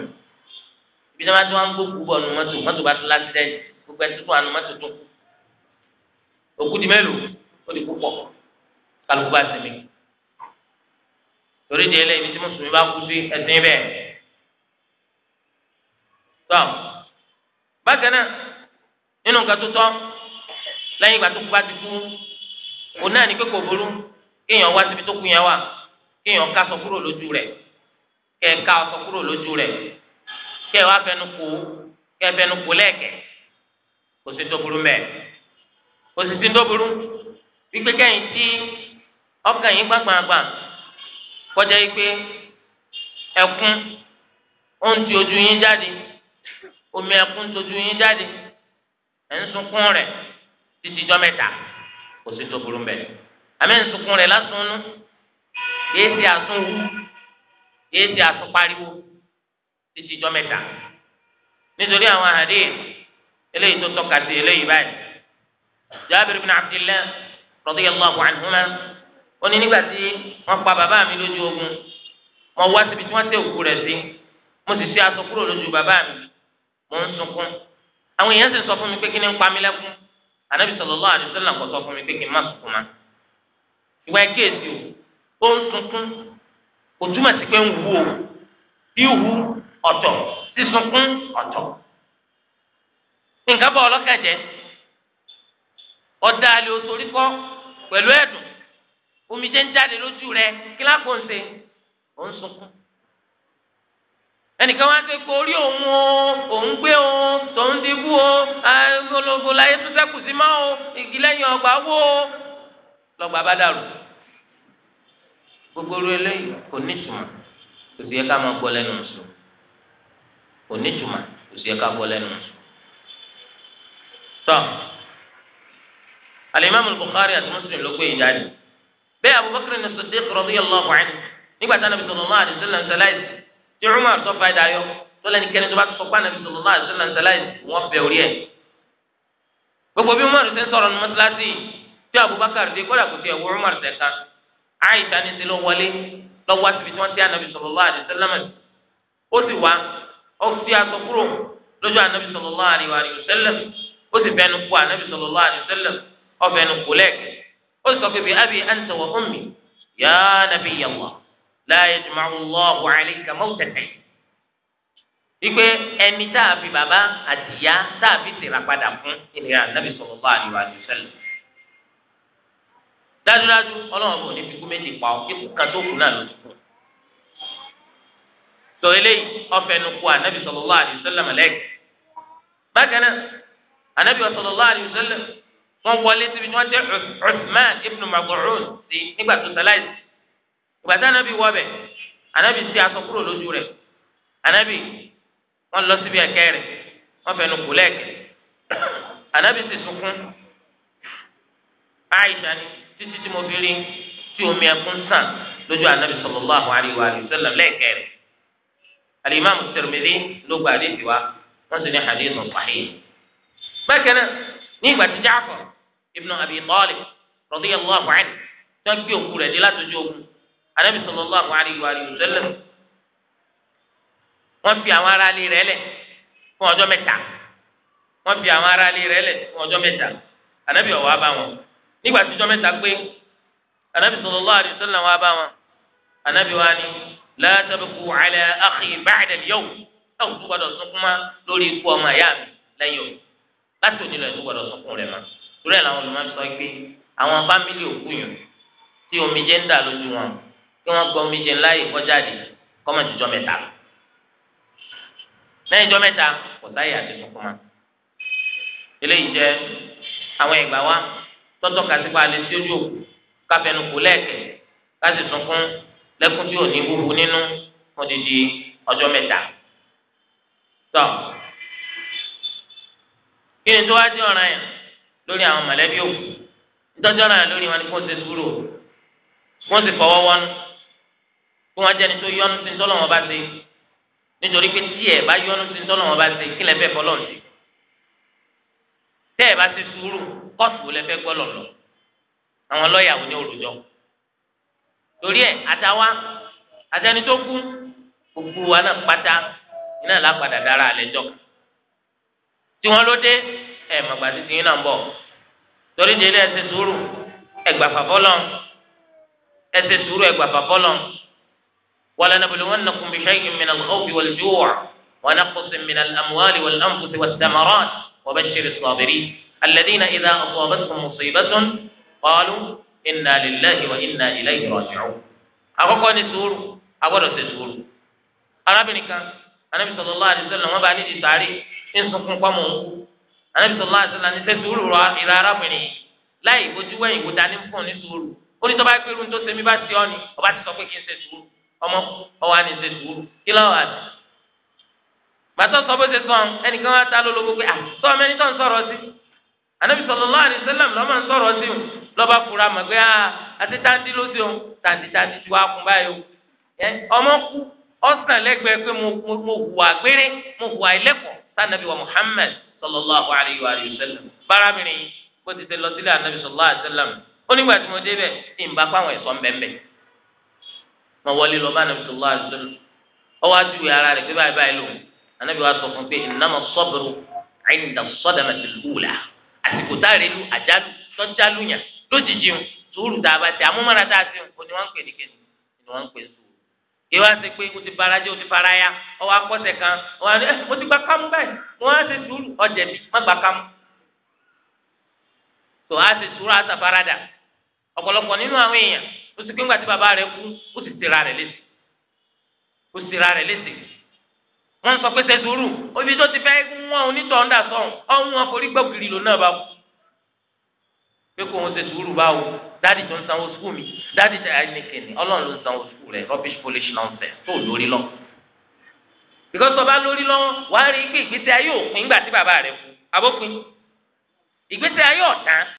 ibi tí wọn bá tí wọn gbókù bọ̀ nù mọ́tò mọ́tò bá tó lásìdẹ́ẹ̀tì gbogbo ẹtí tó wà nù mọ́tò tó kù òkú di mẹ́lò ó di púpọ̀ kálukú bá sinmi torí di ẹlẹ́yìn tí mùsùlùmí bá kú sí ẹ̀sìn bẹ́ẹ̀ tọ́ bákan náà nínú nǹkan tó tọ́ lẹ́yìn ìgbà tó kú bá ti kú òun náà ní pé kò burú kéèyàn wá síbi tó kú yẹn wà kéèyàn ká sọ kúrò lójú rẹ̀ kẹ́ ká sọ kúrò lójú rẹ̀ kẹ́ wá fẹnu kú kẹ́ fẹnu kú lẹ́ẹ̀kẹ́ kò sí tó burú mẹ́ẹ̀ òsìsì tó burú wípé kẹ́yìn tí ọkàn yín gbàgbàgbà kọjá wípé ẹkún ó ń ti ojú yín jáde omi ẹkún ń tojú yín jáde ẹ̀ ń sunkún rẹ̀ títí jọ́ mẹ́ta òsì tó burú mbẹ́ àmì ń sunkún rẹ̀ lásùnú yéé ti àsùn wú yéé ti àsùn pariwo títí jọ́ mẹ́ta nítorí àwọn àdéhùn eléyìí tó tọ́ka sí eléyìí báyìí jaabir bin abdillah radiyallahu anhuma ó ní nígbà tí wọ́n pa bàbá mi lójú ogun mo wá síbi tí wọ́n tẹ òkú rẹ̀ sí mo sì ṣe aṣọ kúrò lójú bàbá mi mo ń sunkún àwọn èèyàn sì sọ fún mi pé kí ni ń pa mí lẹ́kún anabi sallallahu alaihi wasallam kò sọ fún mi pé kí n má sunkún ma ìwà kíyèsí o ó ń sunkún kò túmọ̀ sí pé ń wú o ihu ọ̀tọ̀ sísunkún ọ̀tọ̀ nǹkan bọ̀ ọlọ́kàjẹ́ ọ̀dà àlè òsòrí kọ́ pẹ̀lú ẹ̀dùn omi jẹ́ ń jáde lójú rẹ kí lápò ń ṣe ó ń sunkún ẹnìkan wá sí pé orí òun o òun gbé o tòun ti bú o gbogbo láyé tó sẹ́kù sí máa o igi lẹ́yìn ọgbà wó o lọ́gbà bá dàrú gbogbo orí eléyìí kò ní ìtumọ̀ kò sí ẹ̀ka máa gbọ́ lẹ́nu sùn kò ní ìtumọ̀ kò sí ẹ̀ka gbọ́ lẹ́nu sùn tọ́. So, alimami bukhari àti muslim ló gbé e jáde bẹ́ẹ̀ abubakar ní sadiq radiyallahu anhu nígbà tí anabi sallallahu alaihi wasallam sẹláìsì tí umar tó fàáyé dayọ tó lẹni kẹni tó bá sọ pé anabi sallallahu alaihi wasallam sẹláìsì wọn bẹ orí ẹ gbogbo bí umar ṣe sọ̀rọ̀ ní mọsálásí tí abubakar dé kódà kò tiẹ̀ wọ umar sẹka aisha ní ti lọ wọlé lọ wá síbi tí wọn ti anabi sallallahu alaihi wasallam ó sì wá ó fi aṣọ kúrò lójú anabi sallallahu alaihi wasallam ó sì fẹnu kú anabi sallallahu alaihi wasallam ọbẹ̀ nù kúlẹ̀ ó sọ pé bí abi anta wa ummi ya nabiyallah la yajma'u Allahu 'alayka mawtatayn wípé ẹni tá a fi bàbá àti ìyá tá a fi tèrà padà fún ìnira nàbì sallallahu alaihi wasallam dájúdájú ọlọ́run kò ní fi kú méjì pa ọ́ ikú kan tó kù náà ló ti kù. tó eléyìí ọ̀fẹ́nu kú ànábì sallallahu alaihi wasallam lẹ́ẹ̀kì. bákan náà ànábì sallallahu alaihi wasallam wọ́n wọlé síbi tí wọ́n tẹ Uthman ibn Maz'un sí nígbà tó sàláìsì ìgbà tí anabi wọ bẹ̀ anabi sí aṣọ kúrò lójú rẹ̀ anabi wọ́n lọ síbi ẹ̀kẹ́ rẹ̀ wọ́n fẹnu kù lẹẹkẹ anabi sì sunkún Aisha ni títí tí mo fi rí tí omi ẹkún sàn lójú anabi sallallahu alayhi wa sallam lẹẹkẹ rẹ̀ alimami Tirmidhi ló gba àdéhùn wa wọ́n sì ní hadith sahih bákan náà ní ìgbà tí Ja'far ibn Abi Talib radiyallahu anhu tó gbé òkú rẹ̀ dé látọjú ogun Ànábì sallallahu alayhi wa sallam wọ́n fi àwọn aráalé rẹ̀ lẹ̀ fún ọjọ́ mẹ́ta wọ́n fi àwọn aráalé rẹ̀ lẹ̀ fún ọjọ́ mẹ́ta Ànábì ó wá bá wọn nígbà tí ọjọ́ mẹ́ta pé Ànábì sallallahu alayhi wa sallam wá bá wọn Ànábì wá ní la tabku ala akhi ba'da láti òní lọ ìdúgbọdọ sọkún rẹ mà lórí ẹ làwọn olùmọ̀ sọ pé àwọn fámìlì òkú yìí tí omi jẹ ń dà lójú wọn kí wọn gbọ omi jẹ láàyè kọjáde kọmọ ìjọ mẹ́ta lẹ́yìn ìjọ mẹ́ta kò sáyè àti sọkún ma eléyìí jẹ àwọn ìgbà wa tọtọ kàtíkọ alẹ sí ojú òkú káfẹnu kò lẹẹkẹ láti sunkún lẹkùn tí ò ní wúwo nínú fún odidi ọjọ́ mẹ́ta tọ. So, kí ni tó wá jẹ́ ọ̀ràn yẹn lórí àwọn mọ̀lẹ́bí òkú ìtọ́jú ọ̀ràn yẹn lórí wọn ni kí wọ́n ṣe sùúrù kí wọ́n sì fọwọ́ wọnú kí wọ́n jẹ́ni tó yọnu sí ntọ́lọ́ wọn bá ṣe nítorí pé tí ẹ̀ bá yọnu sí ntọ́lọ́ wọn bá ṣe kí lẹ́ fẹ́ fọlọ́ ṣe tẹ́ ẹ̀ bá ṣe sùúrù kọ́ọ̀tù lẹ́ fẹ́ gbọ́ lọ̀lọ̀ àwọn lọ́ọ̀yà wò ní olùjọ́ torí ẹ̀ àtàwa àtẹni gbogbo wa náà pátá iná làpàdà dára àlẹ́jọ́ kan tí wọn ló dé ẹ màgbà títí yín náà ń bọ̀ torí délé ẹsẹ sùúrù ẹgbàfà fọlọ ẹsẹ sùúrù ẹgbàfà fọlọ wàlẹ nàbẹlẹ wọn nà kùnbi sẹyìn mìnà lọwọ wọlé jùwọ wọn nà kùsì mìnà amúhàlì wọlé ànfùsì wọlé dàmáràn wọn bẹ ṣẹlẹ sọbìrì alẹdínà ìdá ọsọbẹsọ mùsùlùmẹsùn kọlu iná lilahi wa iná ilẹ ìrọjọ. àkọ́kọ́ ni sùúrù agbọ́dọ̀ ṣe sùúrù arábìnrin kan anabi sọlọ lọ àdìsẹ lọ ń sunkún pọ́mọ́ ń kú anabi sọlá àtàlà ní sẹ́sì wúlò rọ ìlà arábìnrin yìí láì bójú wẹ̀yìn wò dání fún ní sùúrù ó ní tọ́ba pé irun tó ṣe mí bá ti ọ́ ni ọba ti sọ pé kí n ṣe sùúrù ọmọ ọwọ́ á ní ṣe sùúrù kí lọ́wọ́ àti. gbàtọ́ sọ bó ṣe sọ ẹnìkan wá ta lólobó pé àtọ́ mẹ́ni tó sọ̀rọ̀ sí anabi sallallahu lọ́mọ ń sọ̀rọ̀ sí òun lọ́ba fura mọ̀ pé àti tandi ló ṣe òun tandi tandi ju akun báyìí ọmọ kú ọ̀sán lẹ́gbẹ̀ẹ́ pé mo mo sanabi wa muhammed sallallahu alayhi wa sallam bárabirin bó ti tẹ lọ sílé anabi sallallahu alayhi wa sallam ó nígbà tí mo débẹ̀ tí n bá fáwọn ẹ̀sọ́ mbẹ́mbẹ́ mo wọlé lọ bá anabi sallallahu alayhi wa sallam ọwọ́ adúwẹ̀ ara rẹ̀ pé báyìí báyìí lò anabi wa sọ fún pé innama sabru inda sadamatil ula àsìkò táàrẹ́lú àjálù tọ́jálù yàn lójijì sùúrù tá a bá ti àmúmọ́ra tá ti ń ni wọ́n ń pè ní ni wọ́n ń pè kí wá sí pé o ti fara jẹ o ti fara ya ọwọ akọsẹ kan ọwọ ẹ eh, mo ti gba kámú báyìí wọn á ṣe sùúrù ọjẹ mi má gba kámú tó á ṣe sùúrù á ṣàfaradà ọ̀pọ̀lọpọ̀ nínú àwọn èèyàn ó sì pé ńgbà tí bàbá rẹ̀ kú ó sì tẹ̀ra rẹ̀ léṣe ó sì tẹ̀ra rẹ̀ léṣe wọn sọ pé ṣe sùúrù òbí tó ti fẹ́ wọn onítọ̀ ń dà sọ̀hún ọ̀hún wọn forí gbọ́ kiri lò náà bá kú pé kó òun ṣe sùúrù báwo dáàdì tó ń sanwó sùkúù mi dáàdì tó ẹnìkan ni ọlọ́run ló ń sanwó sùkúù rẹ̀ rubbish polish nonsense tó lórí lọ. because tó bá lórí lọ wàá rí pé ìgbésí ayé òpin gbà tí bàbá rẹ̀ kú abópin ìgbésí ayé ọ̀tán